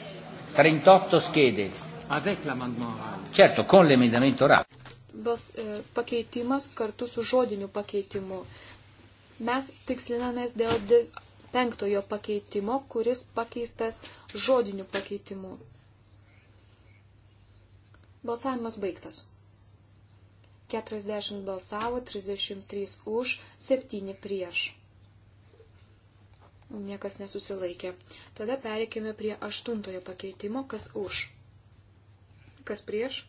38 schede. Avec ah, l'amendement orale. Certo, con l'emendamento orale. Bas, e, pakeitimas kartu su žodiniu pakeitimu. Mes tikslinamės dėl penktojo pakeitimo, kuris pakeistas žodiniu pakeitimu. Balsavimas baigtas. 40 balsavo, 33 už, 7 prieš. Niekas nesusilaikė. Tada pereikime prie aštuntojo pakeitimo, kas už. Kas prieš?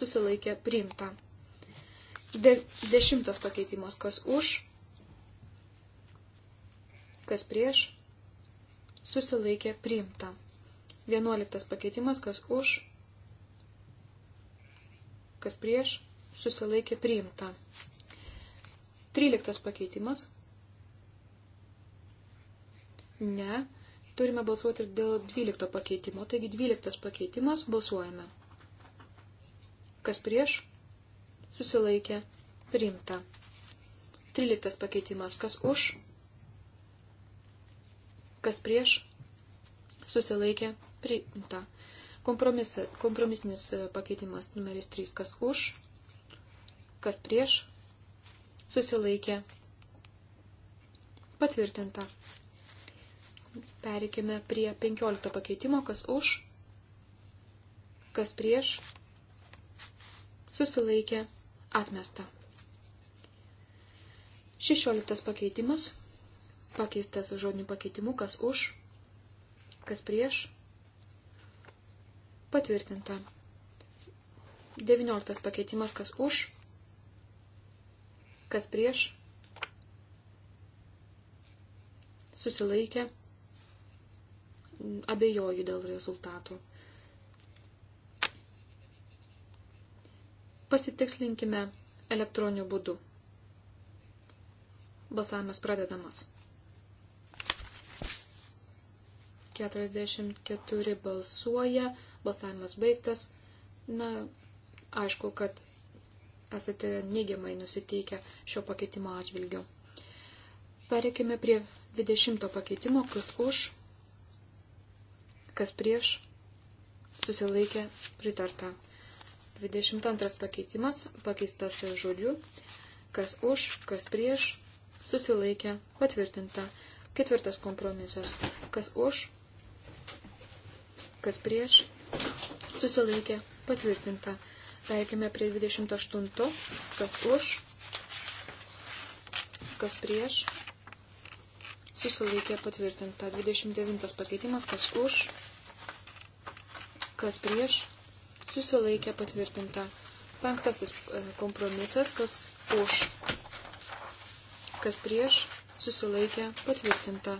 Susilaikė priimta. De, dešimtas pakeitimas, kas už. Kas prieš? Susilaikė priimta. Vienuoliktas pakeitimas, kas už kas prieš, susilaikė priimta. Tryliktas pakeitimas. Ne, turime balsuoti ir dėl dvylikto pakeitimo, taigi dvyliktas pakeitimas balsuojame. Kas prieš, susilaikė priimta. Tryliktas pakeitimas, kas už, kas prieš, susilaikė priimta. Kompromis, kompromisinis e, pakeitimas numeris 3, kas už, kas prieš, susilaikė, patvirtinta. Pereikime prie 15 pakeitimo, kas už, kas prieš, susilaikė, atmesta. 16 pakeitimas, pakeistas žodiniu pakeitimu, kas už, kas prieš, Patvirtinta. 19 pakeitimas, kas už, kas prieš, susilaikė, abejoju dėl rezultato. Pasitikslinkime elektroniniu būdu. Balsavimas pradedamas. 44 balsuoja, balsavimas baigtas. Na, aišku, kad esate neigiamai nusiteikę šio pakeitimo atžvilgiu. Pereikime prie 20 pakeitimo, kas už, kas prieš, susilaikė pritarta. 22 pakeitimas pakeistas žodžiu, kas už, kas prieš, susilaikė patvirtinta. Ketvirtas kompromisas, kas už, Kas prieš? Susilaikė. Patvirtinta. Perkime prie 28. Kas už? Kas prieš? Susilaikė. Patvirtinta. 29. pakeitimas. Kas už? Kas prieš? Susilaikė. Patvirtinta. Penktasis e, kompromisas. Kas už? Kas prieš? Susilaikė. Patvirtinta.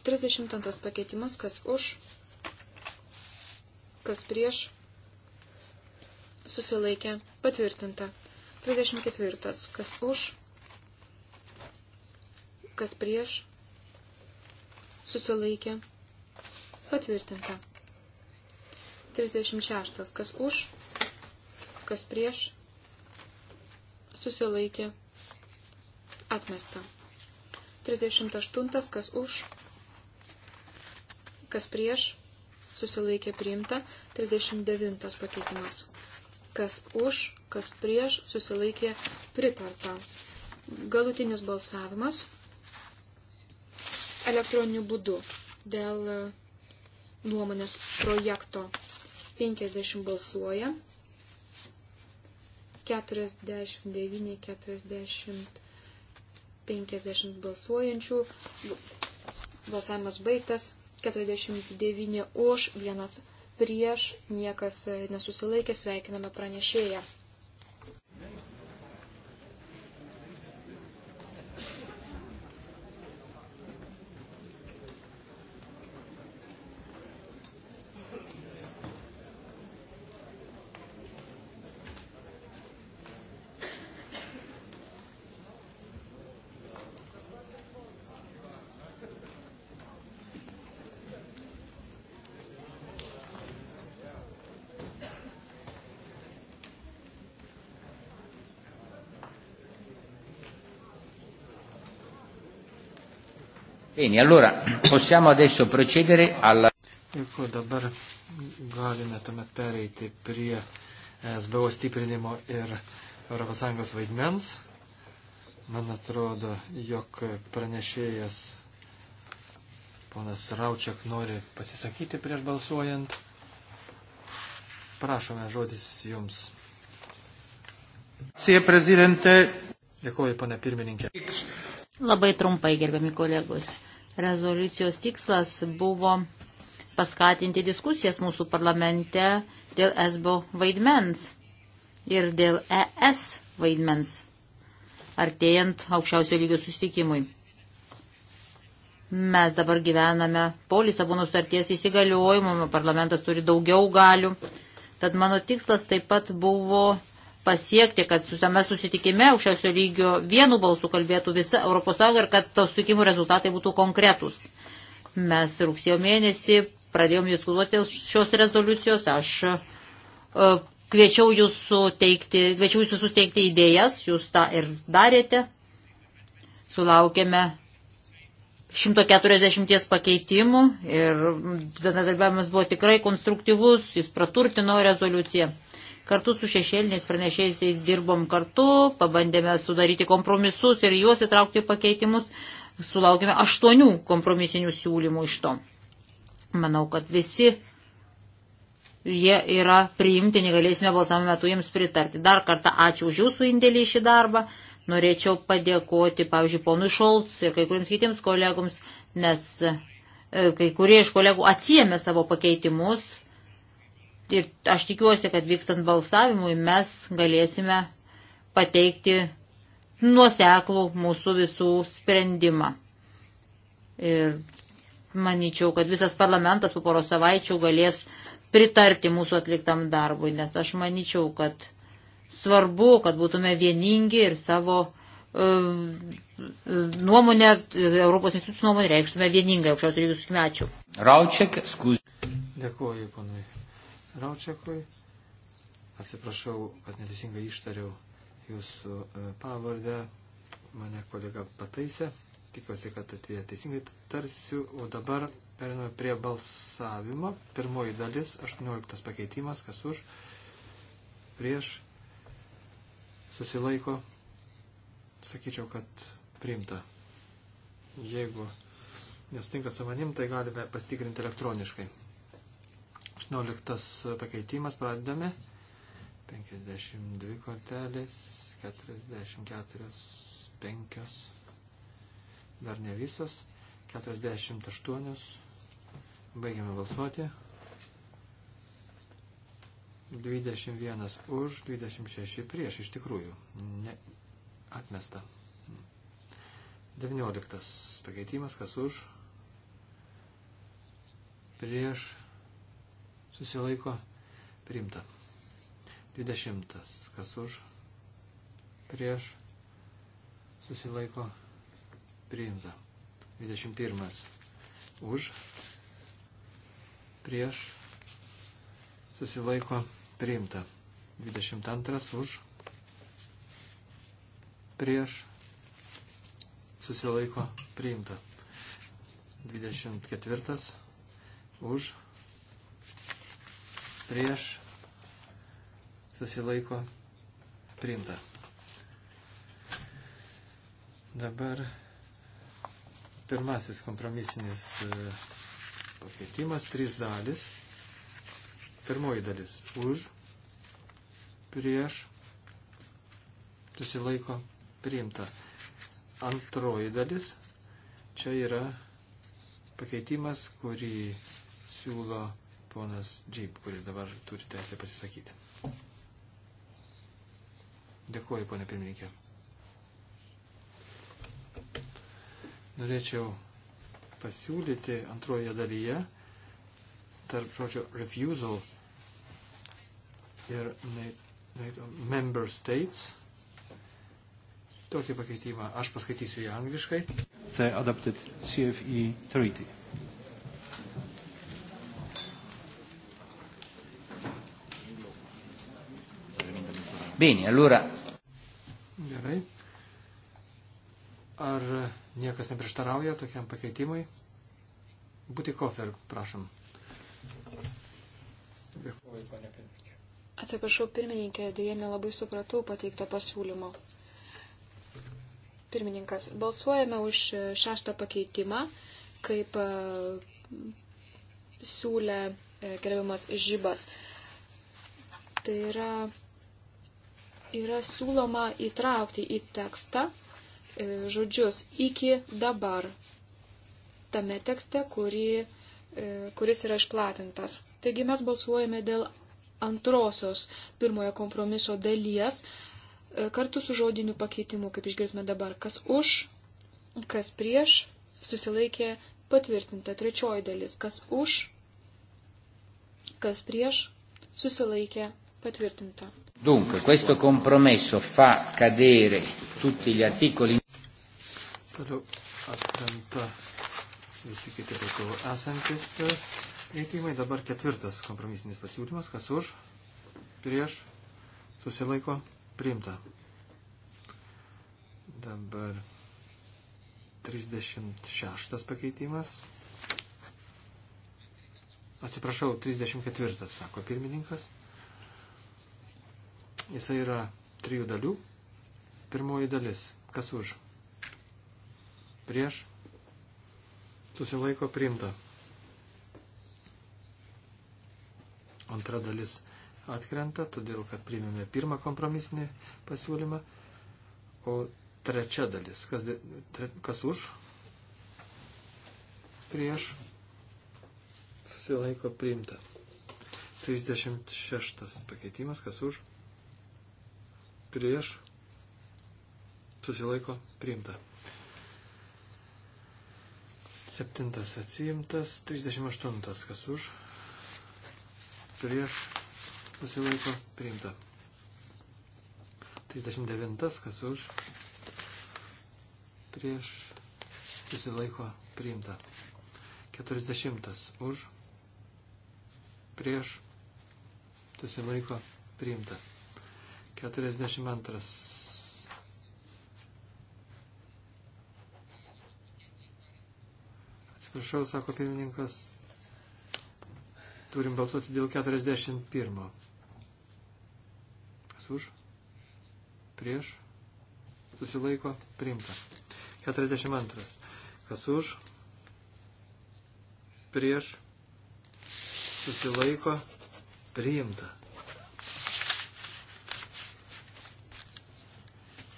32 pakeitimas, kas už, kas prieš, susilaikė, patvirtinta. 34, kas už, kas prieš, susilaikė, patvirtinta. 36, kas už, kas prieš, susilaikė, atmesta. 38, kas už, Kas prieš? Susilaikė priimta. 39 pakeitimas. Kas už? Kas prieš? Susilaikė pritarta. Galutinis balsavimas elektroniniu būdu dėl nuomonės projekto 50 balsuoja, 49, 40, 50 balsuojančių, balsavimas baigtas, 49 už, vienas prieš, niekas nesusilaikė, sveikiname pranešėją. Bene, allora possiamo adesso procedere alla... Ecco, dabar galime tuomet pereiti prie SBO e, stiprinimo ir ES vaidmens. Man atrodo, jog pranešėjas ponas Raučiak nori pasisakyti prieš balsuojant. Prašome žodis jums. Sie prezidente. Dėkuoju, pane pirmininkė. Labai trumpai, gerbiami kolegos. Rezoliucijos tikslas buvo paskatinti diskusijas mūsų parlamente dėl ESBO vaidmens ir dėl ES vaidmens, artėjant aukščiausio lygio sustikimui. Mes dabar gyvename po Lisabono sutarties įsigaliojimo, parlamentas turi daugiau galių, tad mano tikslas taip pat buvo pasiekti, kad tame susitikime aukščiausio lygio vienu balsu kalbėtų visa ES ir kad to susitikimų rezultatai būtų konkretūs. Mes rugsėjo mėnesį pradėjom diskutuoti šios rezoliucijos. Aš e, kviečiau jūs suteikti, kviečiau jūs suteikti idėjas, jūs tą ir darėte. Sulaukėme 140 pakeitimų ir bendradarbiavimas buvo tikrai konstruktyvus, jis praturtino rezoliuciją. Kartu su šešėliniais pranešėjais dirbom kartu, pabandėme sudaryti kompromisus ir juos įtraukti į pakeitimus. Sulaukime aštuonių kompromisinių siūlymų iš to. Manau, kad visi jie yra priimti, negalėsime balsavimo metu jiems pritarti. Dar kartą ačiū už jūsų indėlį į šį darbą. Norėčiau padėkoti, pavyzdžiui, ponui Šolts ir kai kuriems kitiems kolegoms, nes e, kai kurie iš kolegų atsijėmė savo pakeitimus ir aš tikiuosi, kad vykstant balsavimui mes galėsime pateikti nuoseklų mūsų visų sprendimą. Ir manyčiau, kad visas parlamentas po poros savaičių galės pritarti mūsų atliktam darbui, nes aš manyčiau, kad svarbu, kad būtume vieningi ir savo um, nuomonę, Europos institucijų nuomonę reikštume vieningai, aukščiausiai lygius, ačiū. Raučiak, skūs. Dėkuoju, panai Raučiakui. Atsiprašau, kad neteisingai ištariau jūsų e, pavardę. Mane kolega pataisė. Tikiuosi, kad teisingai tarsiu. O dabar periname prie balsavimo. Pirmoji dalis, 18 pakeitimas, kas už, prieš, susilaiko. Sakyčiau, kad priimta. Jeigu nesutinkat su manim, tai galime pastikrinti elektroniškai. 18 pakeitimas, pradedame. 52 kortelės, 44, 5, dar ne visas, 48, baigiame balsuoti. 21 už, 26 prieš, iš tikrųjų, ne, atmesta. 19 pakeitimas, kas už, prieš, susilaiko priimta. 20. Kas už, prieš, susilaiko priimta. 21. Už, prieš, susilaiko priimta. 22. Už, prieš, susilaiko priimta. 24. Už, prieš, susilaiko, priimta. Dabar pirmasis kompromisinis e, pakeitimas, trys dalis. Pirmoji dalis už, prieš, susilaiko, priimta. Antroji dalis, čia yra pakeitimas, kurį siūlo ponas Džeip, kuris dabar turi teisę pasisakyti. Dėkuoju, ponė pirmininkė. Norėčiau pasiūlyti antroje dalyje tarp žodžio refusal ir member states tokį pakeitimą. Aš paskaitysiu jį angliškai. The adopted CFE treaty. Bene, allora. Gerai. Ar niekas neprieštarauja tokiam pakeitimui? Būti kofer, prašom. Dėkuoju, ponė pirmininkė. Atsiprašau, pirmininkė, dėje nelabai supratau pateikto pasiūlymo. Pirmininkas, balsuojame už šeštą pakeitimą, kaip e, siūlė e, gerbiamas Žybas. Tai yra yra siūloma įtraukti į tekstą e, žodžius iki dabar tame tekste, kurį, e, kuris yra išplatintas. Taigi mes balsuojame dėl antrosios pirmojo kompromiso dalies e, kartu su žodiniu pakeitimu, kaip išgirdome dabar, kas už, kas prieš, susilaikė patvirtinta trečioji dalis, kas už, kas prieš, susilaikė patvirtinta. Dunque, questo compromesso fa cadere tutti gli articoli. Toliau atkrenta visi kiti reikalų esantis leidimai. Dabar ketvirtas kompromisinis pasiūlymas. Kas už? Prieš? Susilaiko? Priimta. Dabar 36 pakeitimas. Atsiprašau, 34, sako pirmininkas. Jisai yra trijų dalių. Pirmoji dalis. Kas už? Prieš. Susilaiko priimta. Antra dalis atkrenta, todėl kad priimėme pirmą kompromisinį pasiūlymą. O trečia dalis. Kas, tre, kas už? Prieš. Susilaiko priimta. 36 pakeitimas. Kas už? prieš, susilaiko priimta. Septintas atsiimtas, 38 kas už, prieš, susilaiko priimta. 39 kas už, prieš, susilaiko priimta. 40 už, prieš, susilaiko priimta. 42. Atsiprašau, sako pirmininkas, turim balsuoti dėl 41. Kas už? Prieš? Susilaiko? Priimta. 42. Kas už? Prieš? Susilaiko? Priimta.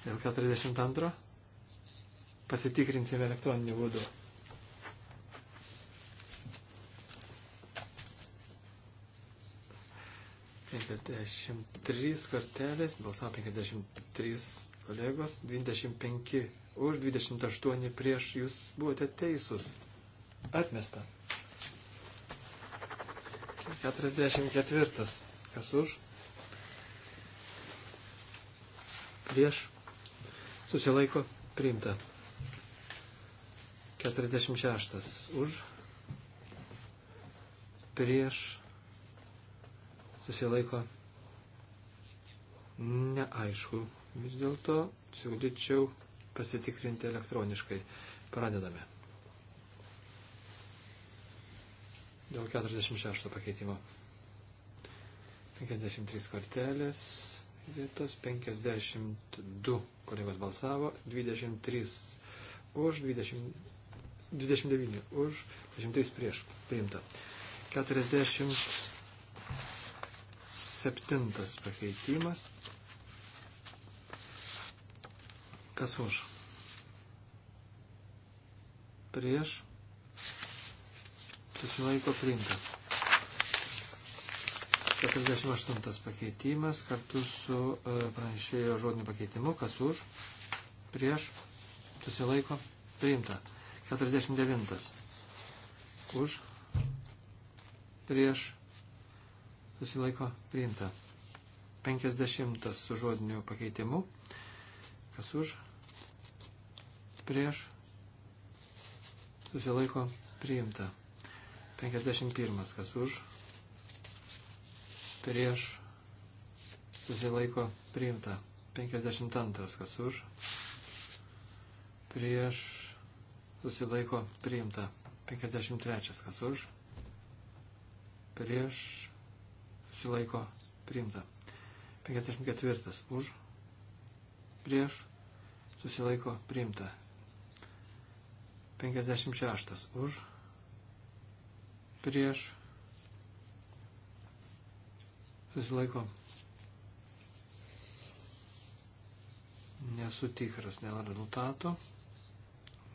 Dėl 42 pasitikrinsime elektroniniu būdu. Penkiasdešimt trys kortelės, balsavo penkiasdešimt trys kolegos, dvidešimt penki už, dvidešimt aštuoni prieš, jūs buvote teisūs. Atmesta. 44. Kas už? Prieš susilaiko priimta. 46 už, prieš, susilaiko neaišku. Vis dėlto siūlyčiau pasitikrinti elektroniškai. Pradedame. Dėl 46 pakeitimo. 53 kortelės vietas, 52 kolegos balsavo, 23 už, 20, 29 už, 23 prieš priimta. 47 pakeitimas. Kas už? Prieš. Susilaiko priimta. 48 pakeitimas kartu su e, pranešėjo žodiniu pakeitimu, kas už, prieš, susilaiko, priimta. 49. Už, prieš, susilaiko, priimta. 50 su žodiniu pakeitimu, kas už, prieš, susilaiko, priimta. 51 kas už, prieš prieš susilaiko priimta. 52 kas už, prieš susilaiko priimta. 53 kas už, prieš susilaiko priimta. 54 už, prieš susilaiko priimta. 56 už, prieš susilaiko. Nesu tikras dėl rezultato.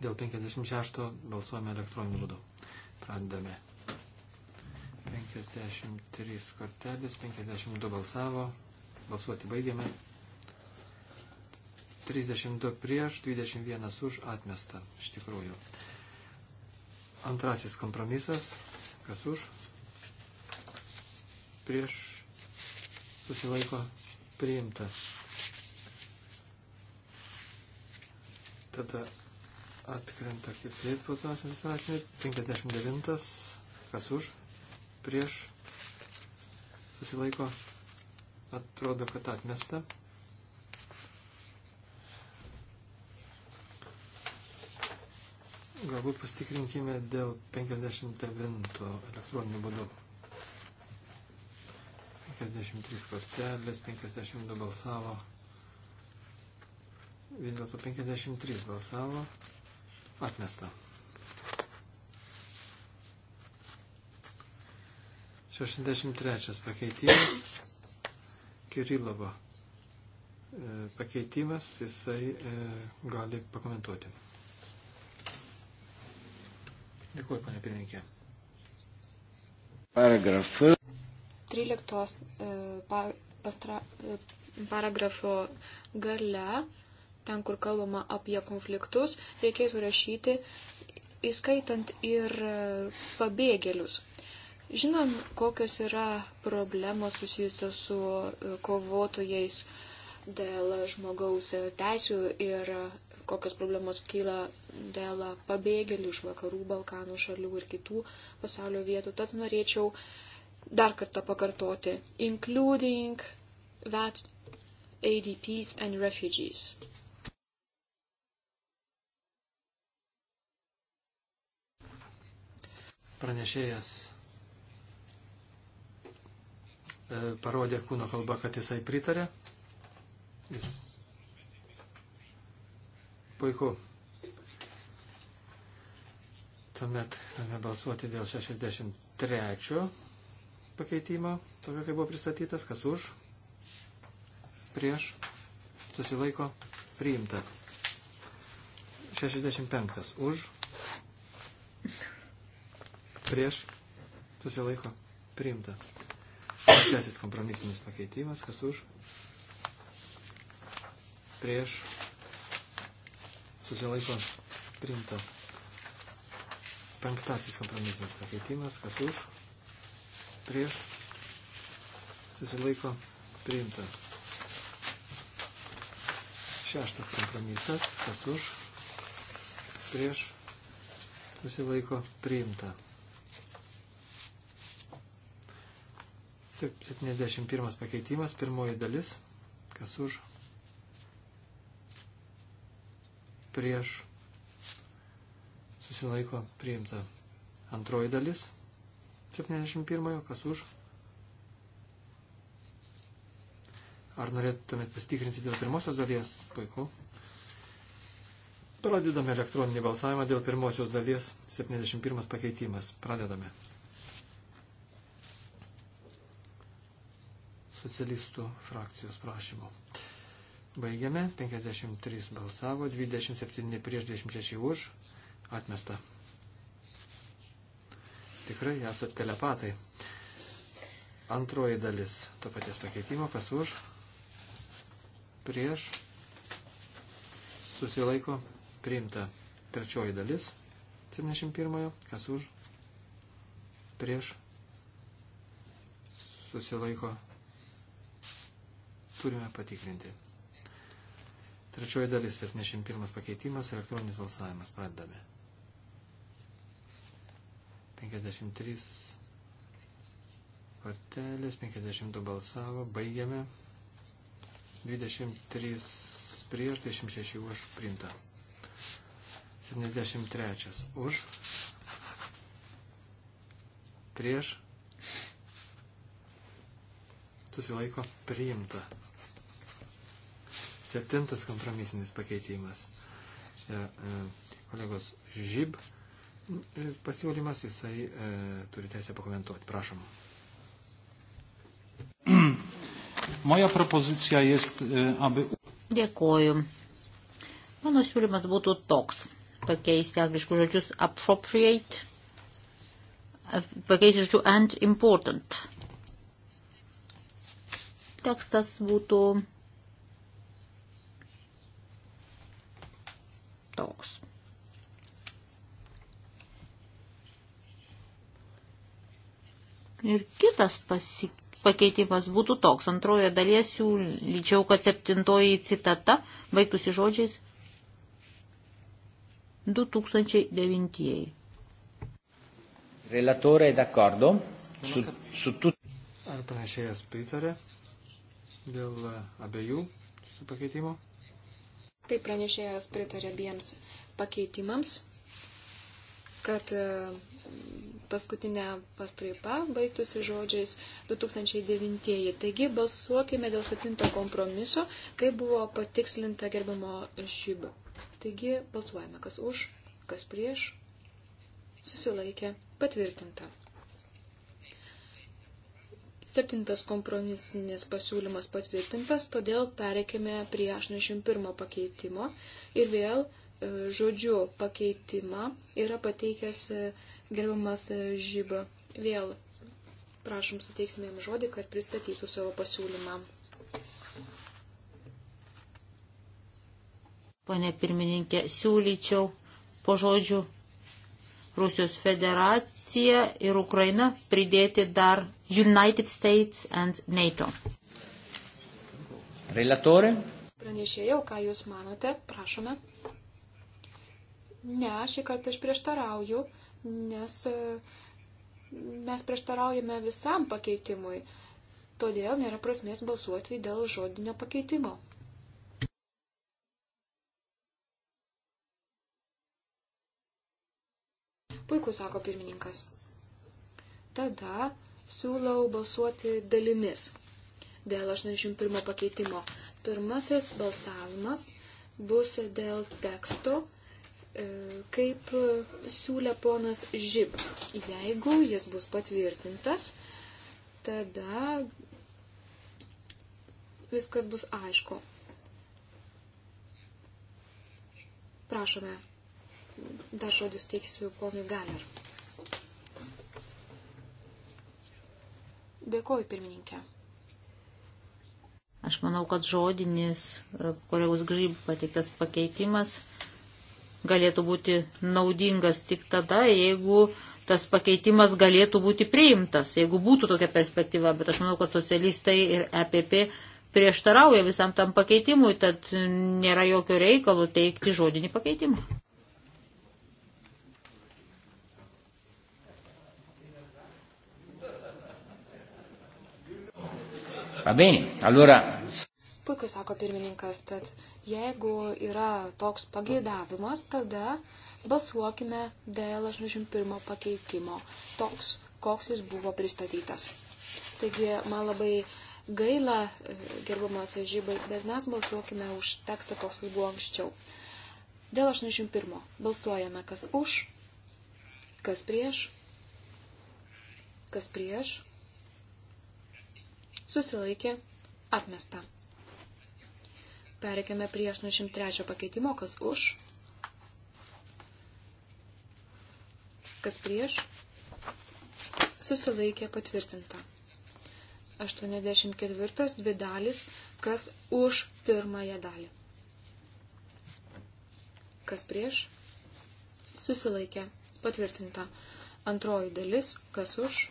Dėl 56 balsuojame elektroniniu būdu. Pradedame. 53 kortelės, 52 balsavo. Balsuoti baigiame. 32 prieš, 21 už atmestą. Iš tikrųjų. Antrasis kompromisas. Kas už? Prieš susilaiko priimta. Tada atkrenta kiti platasis atvejai. 59. Kas už? Prieš susilaiko. Atrodo, kad atmesta. Galbūt pastikrinkime dėl 59 elektroninių būdų. 53 kortelės, 52 balsavo. Vis dėlto 53 balsavo. Atmesta. Šešdešimt trečias pakeitimas. Kirilovo e, pakeitimas, jisai e, gali pakomentuoti. Dėkuoju, panė pirmininkė. Paragrafas. 13 e, e, paragrafo gale, ten kur kalbama apie konfliktus, reikėtų rašyti, įskaitant ir e, pabėgėlius. Žinom, kokios yra problemos susijusios su kovotojais dėl žmogaus teisų ir kokios problemos kyla dėl pabėgėlių iš vakarų Balkanų šalių ir kitų pasaulio vietų. Tad norėčiau uh, dar kartą pakartoti, including that ADPs and refugees. Pranešėjas e, parodė kūno kalbą, kad jisai pritarė. Jis... Puiku. Tuomet galime balsuoti dėl 63 pakeitimo, tokio kaip buvo pristatytas, kas už, prieš, susilaiko, priimta. 65. Už, prieš, susilaiko, priimta. Trečiasis kompromisinis pakeitimas, kas už, prieš, susilaiko, priimta. Penktasis kompromisinis pakeitimas, kas už, prieš susilaiko priimta. Šeštas kompromisas, kas už, prieš susilaiko priimta. 71 pakeitimas, pirmoji dalis, kas už, prieš, susilaiko priimta. Antroji dalis, 71, kas už. Ar norėtumėt pasitikrinti dėl pirmosios dalies? Puiku. Pradedame elektroninį balsavimą dėl pirmosios dalies 71 pakeitimas. Pradedame. Socialistų frakcijos prašymu. Baigiame. 53 balsavo, 27 prieš 26 už. Atmesta tikrai esat telepatai. Antroji dalis to paties pakeitimo, kas už, prieš, susilaiko, priimta. Trečioji dalis, 71, kas už, prieš, susilaiko, turime patikrinti. Trečioji dalis, 71 pakeitimas, elektroninis balsavimas, pradedame. 53 kortelės, 52 balsavo, baigiame. 23 prieš, 26 už printą. 73 už. Prieš. Susilaiko priimta. Septintas kompromisinis pakeitimas. Ja, e, e, kolegos Žib pasiūlymas, jisai e, turi teisę pakomentuoti. Prašom. Moja propozicija jest, e, aby. Dėkoju. Mano siūlymas būtų toks. Pakeisti angliškus žodžius appropriate, e, pakeisti žodžiu and important. Tekstas būtų toks. Ir kitas pasik... pakeitimas būtų toks. Antroje dalyje siūlyčiau, kad septintoji citata baigtųsi žodžiais 2009. Relatore d'accordo su, su tut... Ar pranešėjas pritarė dėl abiejų šių pakeitimų? Taip pranešėjas pritarė abiems pakeitimams, kad uh, paskutinė pastraipa baigtųsi žodžiais 2009. Taigi balsuokime dėl septinto kompromiso, kai buvo patikslinta gerbimo šyba. Taigi balsuojame, kas už, kas prieš, susilaikė, patvirtinta. Septintas kompromisinis pasiūlymas patvirtintas, todėl pereikime prie 81 pakeitimo ir vėl e, žodžiu pakeitimą yra pateikęs e, Gerbiamas e, Žyba, vėl prašom suteiksime jam žodį, kad pristatytų savo pasiūlymą. Pane pirmininkė, siūlyčiau po žodžių Rusijos federacija ir Ukraina pridėti dar United States and NATO. Relatore. Pranešėjau, ką Jūs manote, prašome. Ne, šį kartą aš prieštarauju, nes e, mes prieštaraujame visam pakeitimui, todėl nėra prasmės balsuoti dėl žodinio pakeitimo. Puiku, sako pirmininkas. Tada siūlau balsuoti dalimis dėl 81 pakeitimo. Pirmasis balsavimas bus dėl teksto E, kaip siūlė ponas Žib. Jeigu jis bus patvirtintas, tada viskas bus aišku. Prašome, dar žodis teiksiu ponui Galer. Dėkoju, pirmininkė. Aš manau, kad žodinis, e, kuriaus gryb pateiktas pakeitimas galėtų būti naudingas tik tada, jeigu tas pakeitimas galėtų būti priimtas, jeigu būtų tokia perspektyva, bet aš manau, kad socialistai ir EPP prieštarauja visam tam pakeitimui, tad nėra jokio reikalo teikti žodinį pakeitimą. Va bene, allora... Puiku, sako pirmininkas, tad jeigu yra toks pageidavimas, tada balsuokime dėl 81 pakeitimo, toks, koks jis buvo pristatytas. Taigi, man labai gaila, e, gerbamas žybai, bet mes balsuokime už tekstą toks, kaip buvo anksčiau. Dėl 81. Balsuojame, kas už, kas prieš, kas prieš, susilaikė, atmesta. Pereikime prie 83 pakeitimo, kas už, kas prieš, susilaikė patvirtinta. 84 dvi dalis, kas už pirmąją dalį. Kas prieš, susilaikė patvirtinta. Antroji dalis, kas už,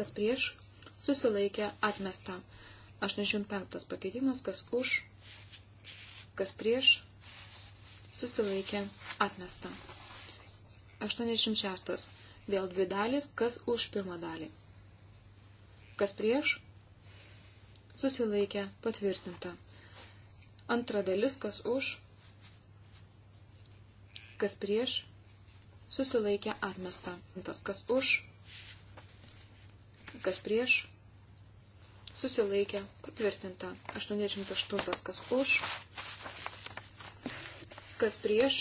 kas prieš, susilaikė atmesta. 85 pakeitimas, kas už, kas prieš, susilaikė, atmesta. 86. Vėl dvi dalys, kas už pirmą dalį. Kas prieš, susilaikė, patvirtinta. Antra dalis, kas už, kas prieš, susilaikė, atmesta. Tas, kas už, kas prieš, susilaikė, patvirtinta. 88 kas už, kas prieš,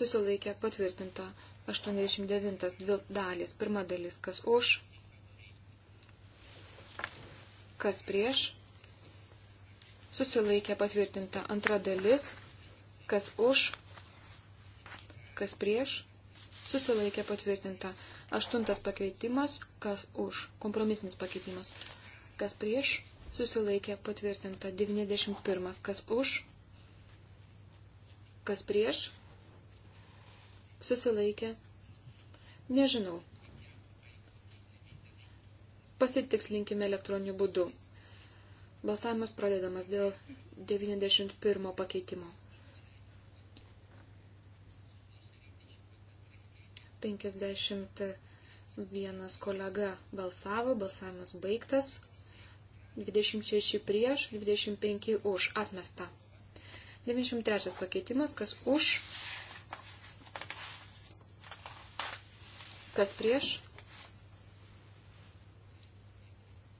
susilaikė, patvirtinta. 89 dvi dalis, pirma dalis, kas už, kas prieš, susilaikė, patvirtinta. Antra dalis, kas už, kas prieš, susilaikė, patvirtinta. Aštuntas pakeitimas, kas už, kompromisinis pakeitimas, kas prieš, susilaikė patvirtinta 91, kas už, kas prieš, susilaikė, nežinau. Pasitikslinkime elektroniniu būdu. Balsavimas pradedamas dėl 91 pakeitimo. 51 vienas kolega balsavo, balsavimas baigtas. 26 prieš, 25 už, atmesta. 93 pakeitimas, kas už, kas prieš.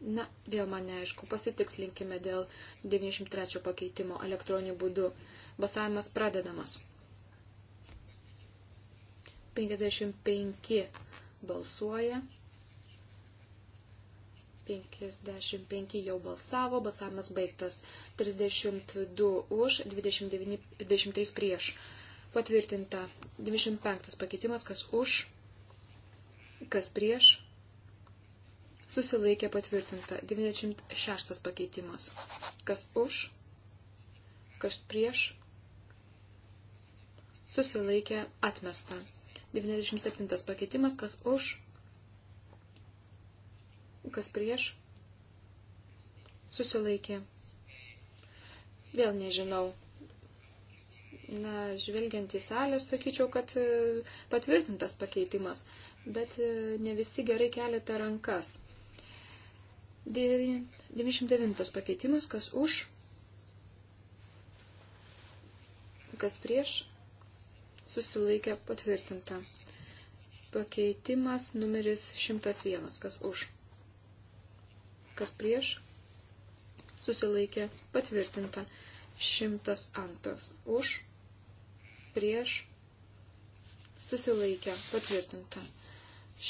Na, vėl man neaišku, pasitikslinkime dėl 93 pakeitimo elektroniniu būdu. Basavimas pradedamas. 55 balsuoja, 55 jau balsavo, balsavimas baigtas 32 už, 29, 23 prieš. Patvirtinta 25 pakeitimas, kas už, kas prieš. Susilaikė patvirtinta 96 pakeitimas, kas už, kas prieš. Susilaikė atmesta 97 pakeitimas, kas už, kas prieš, susilaikė. Vėl nežinau. Na, žvelgiant į salę, aš sakyčiau, kad e, patvirtintas pakeitimas, bet e, ne visi gerai keletą rankas. 99 pakeitimas, kas už, kas prieš, susilaikė patvirtinta. Pakeitimas numeris 101, kas už, kas prieš, susilaikė patvirtinta. 102 už, prieš, susilaikė patvirtinta.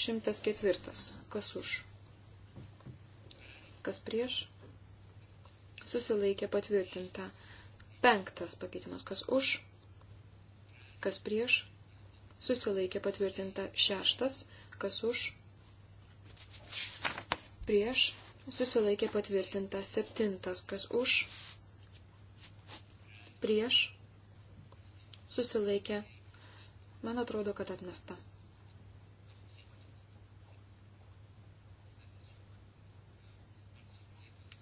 104 kas už, kas prieš, susilaikė patvirtinta. Penktas pakeitimas kas už, kas prieš, susilaikė patvirtinta. Šeštas kas už, prieš, susilaikė patvirtintas. Septintas, kas už, prieš, susilaikė, man atrodo, kad atmesta.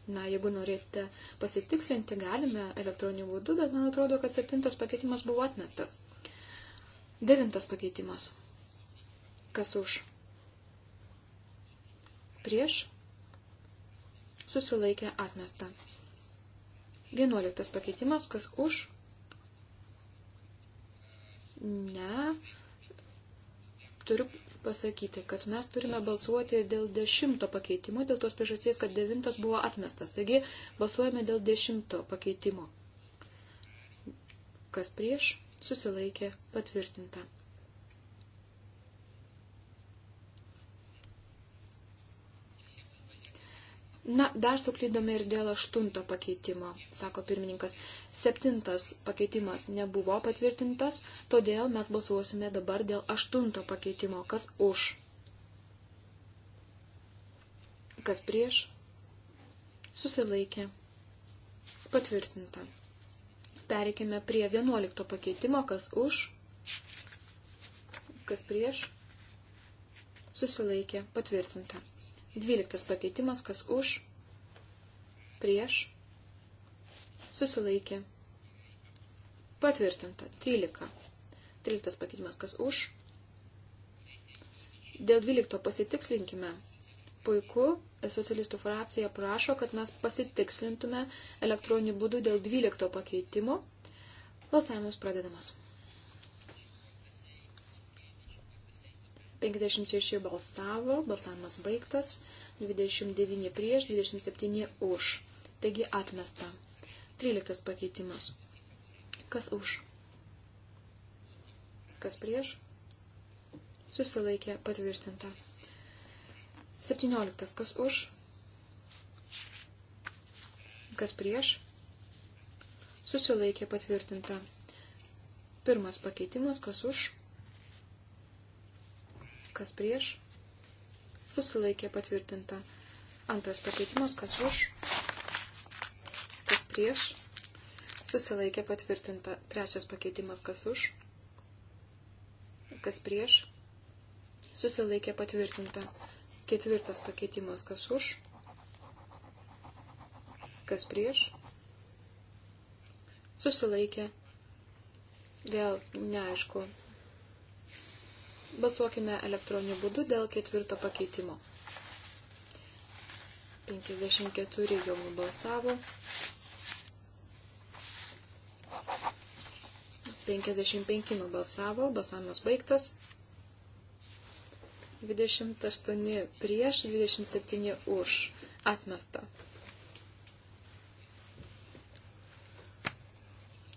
Na, jeigu norite pasitikslinti, galime elektroniniu būdu, bet man atrodo, kad septintas pakeitimas buvo atmestas. Devintas pakeitimas. Kas už? Prieš susilaikė atmesta. Vienuoliktas pakeitimas, kas už, ne, turiu pasakyti, kad mes turime balsuoti dėl dešimto pakeitimo, dėl tos priežasties, kad devintas buvo atmestas. Taigi balsuojame dėl dešimto pakeitimo. Kas prieš, susilaikė patvirtinta. Na, dar suklydome ir dėl aštunto pakeitimo, sako pirmininkas. Septintas pakeitimas nebuvo patvirtintas, todėl mes balsuosime dabar dėl aštunto pakeitimo. Kas už? Kas prieš? Susilaikė. Patvirtinta. Pereikime prie vienuolikto pakeitimo. Kas už? Kas prieš? Susilaikė. Patvirtinta. Dvyliktas pakeitimas, kas už, prieš, susilaikė. Patvirtinta. Trylika. Tryliktas pakeitimas, kas už. Dėl dvylikto pasitikslinkime. Puiku, socialistų frakcija prašo, kad mes pasitikslintume elektroniniu būdu dėl dvylikto pakeitimo. Balsavimas pradedamas. 56 balsavo, balsavimas baigtas, 29 prieš, 27 už. Taigi atmesta. 13 pakeitimas. Kas už? Kas prieš? Susilaikė patvirtinta. 17. Kas už? Kas prieš? Susilaikė patvirtinta. Pirmas pakeitimas. Kas už? kas prieš, susilaikė patvirtinta. Antras pakeitimas, kas už, kas prieš, susilaikė patvirtinta. Trečias pakeitimas, kas už, kas prieš, susilaikė patvirtinta. Ketvirtas pakeitimas, kas už, kas prieš, susilaikė. Vėl neaišku, Balsuokime elektroniniu būdu dėl ketvirto pakeitimo. 54 jau balsavo. 55 nubalsavo, balsavimas baigtas. 28 prieš, 27 už. Atmesta.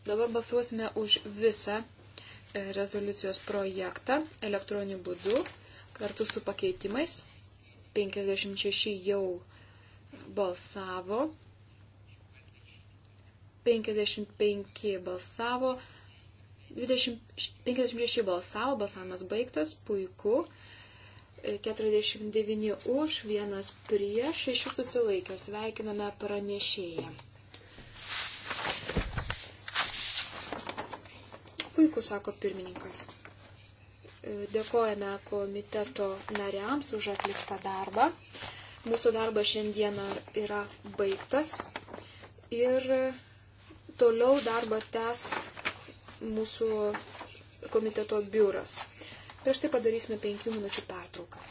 Dabar balsuosime už visą rezoliucijos projektą elektroniniu būdu kartu su pakeitimais. 56 jau balsavo, 55 balsavo, 20, 56 balsavo, balsavimas baigtas, puiku. 49 už, vienas prieš, šeši susilaikė. Sveikiname pranešėją. Puiku, sako pirmininkas. E, dėkojame komiteto nariams už atliktą darbą. Mūsų darbas šiandieną yra baigtas ir toliau darbą tęs mūsų komiteto biuras. Prieš tai padarysime penkių minučių pertrauką.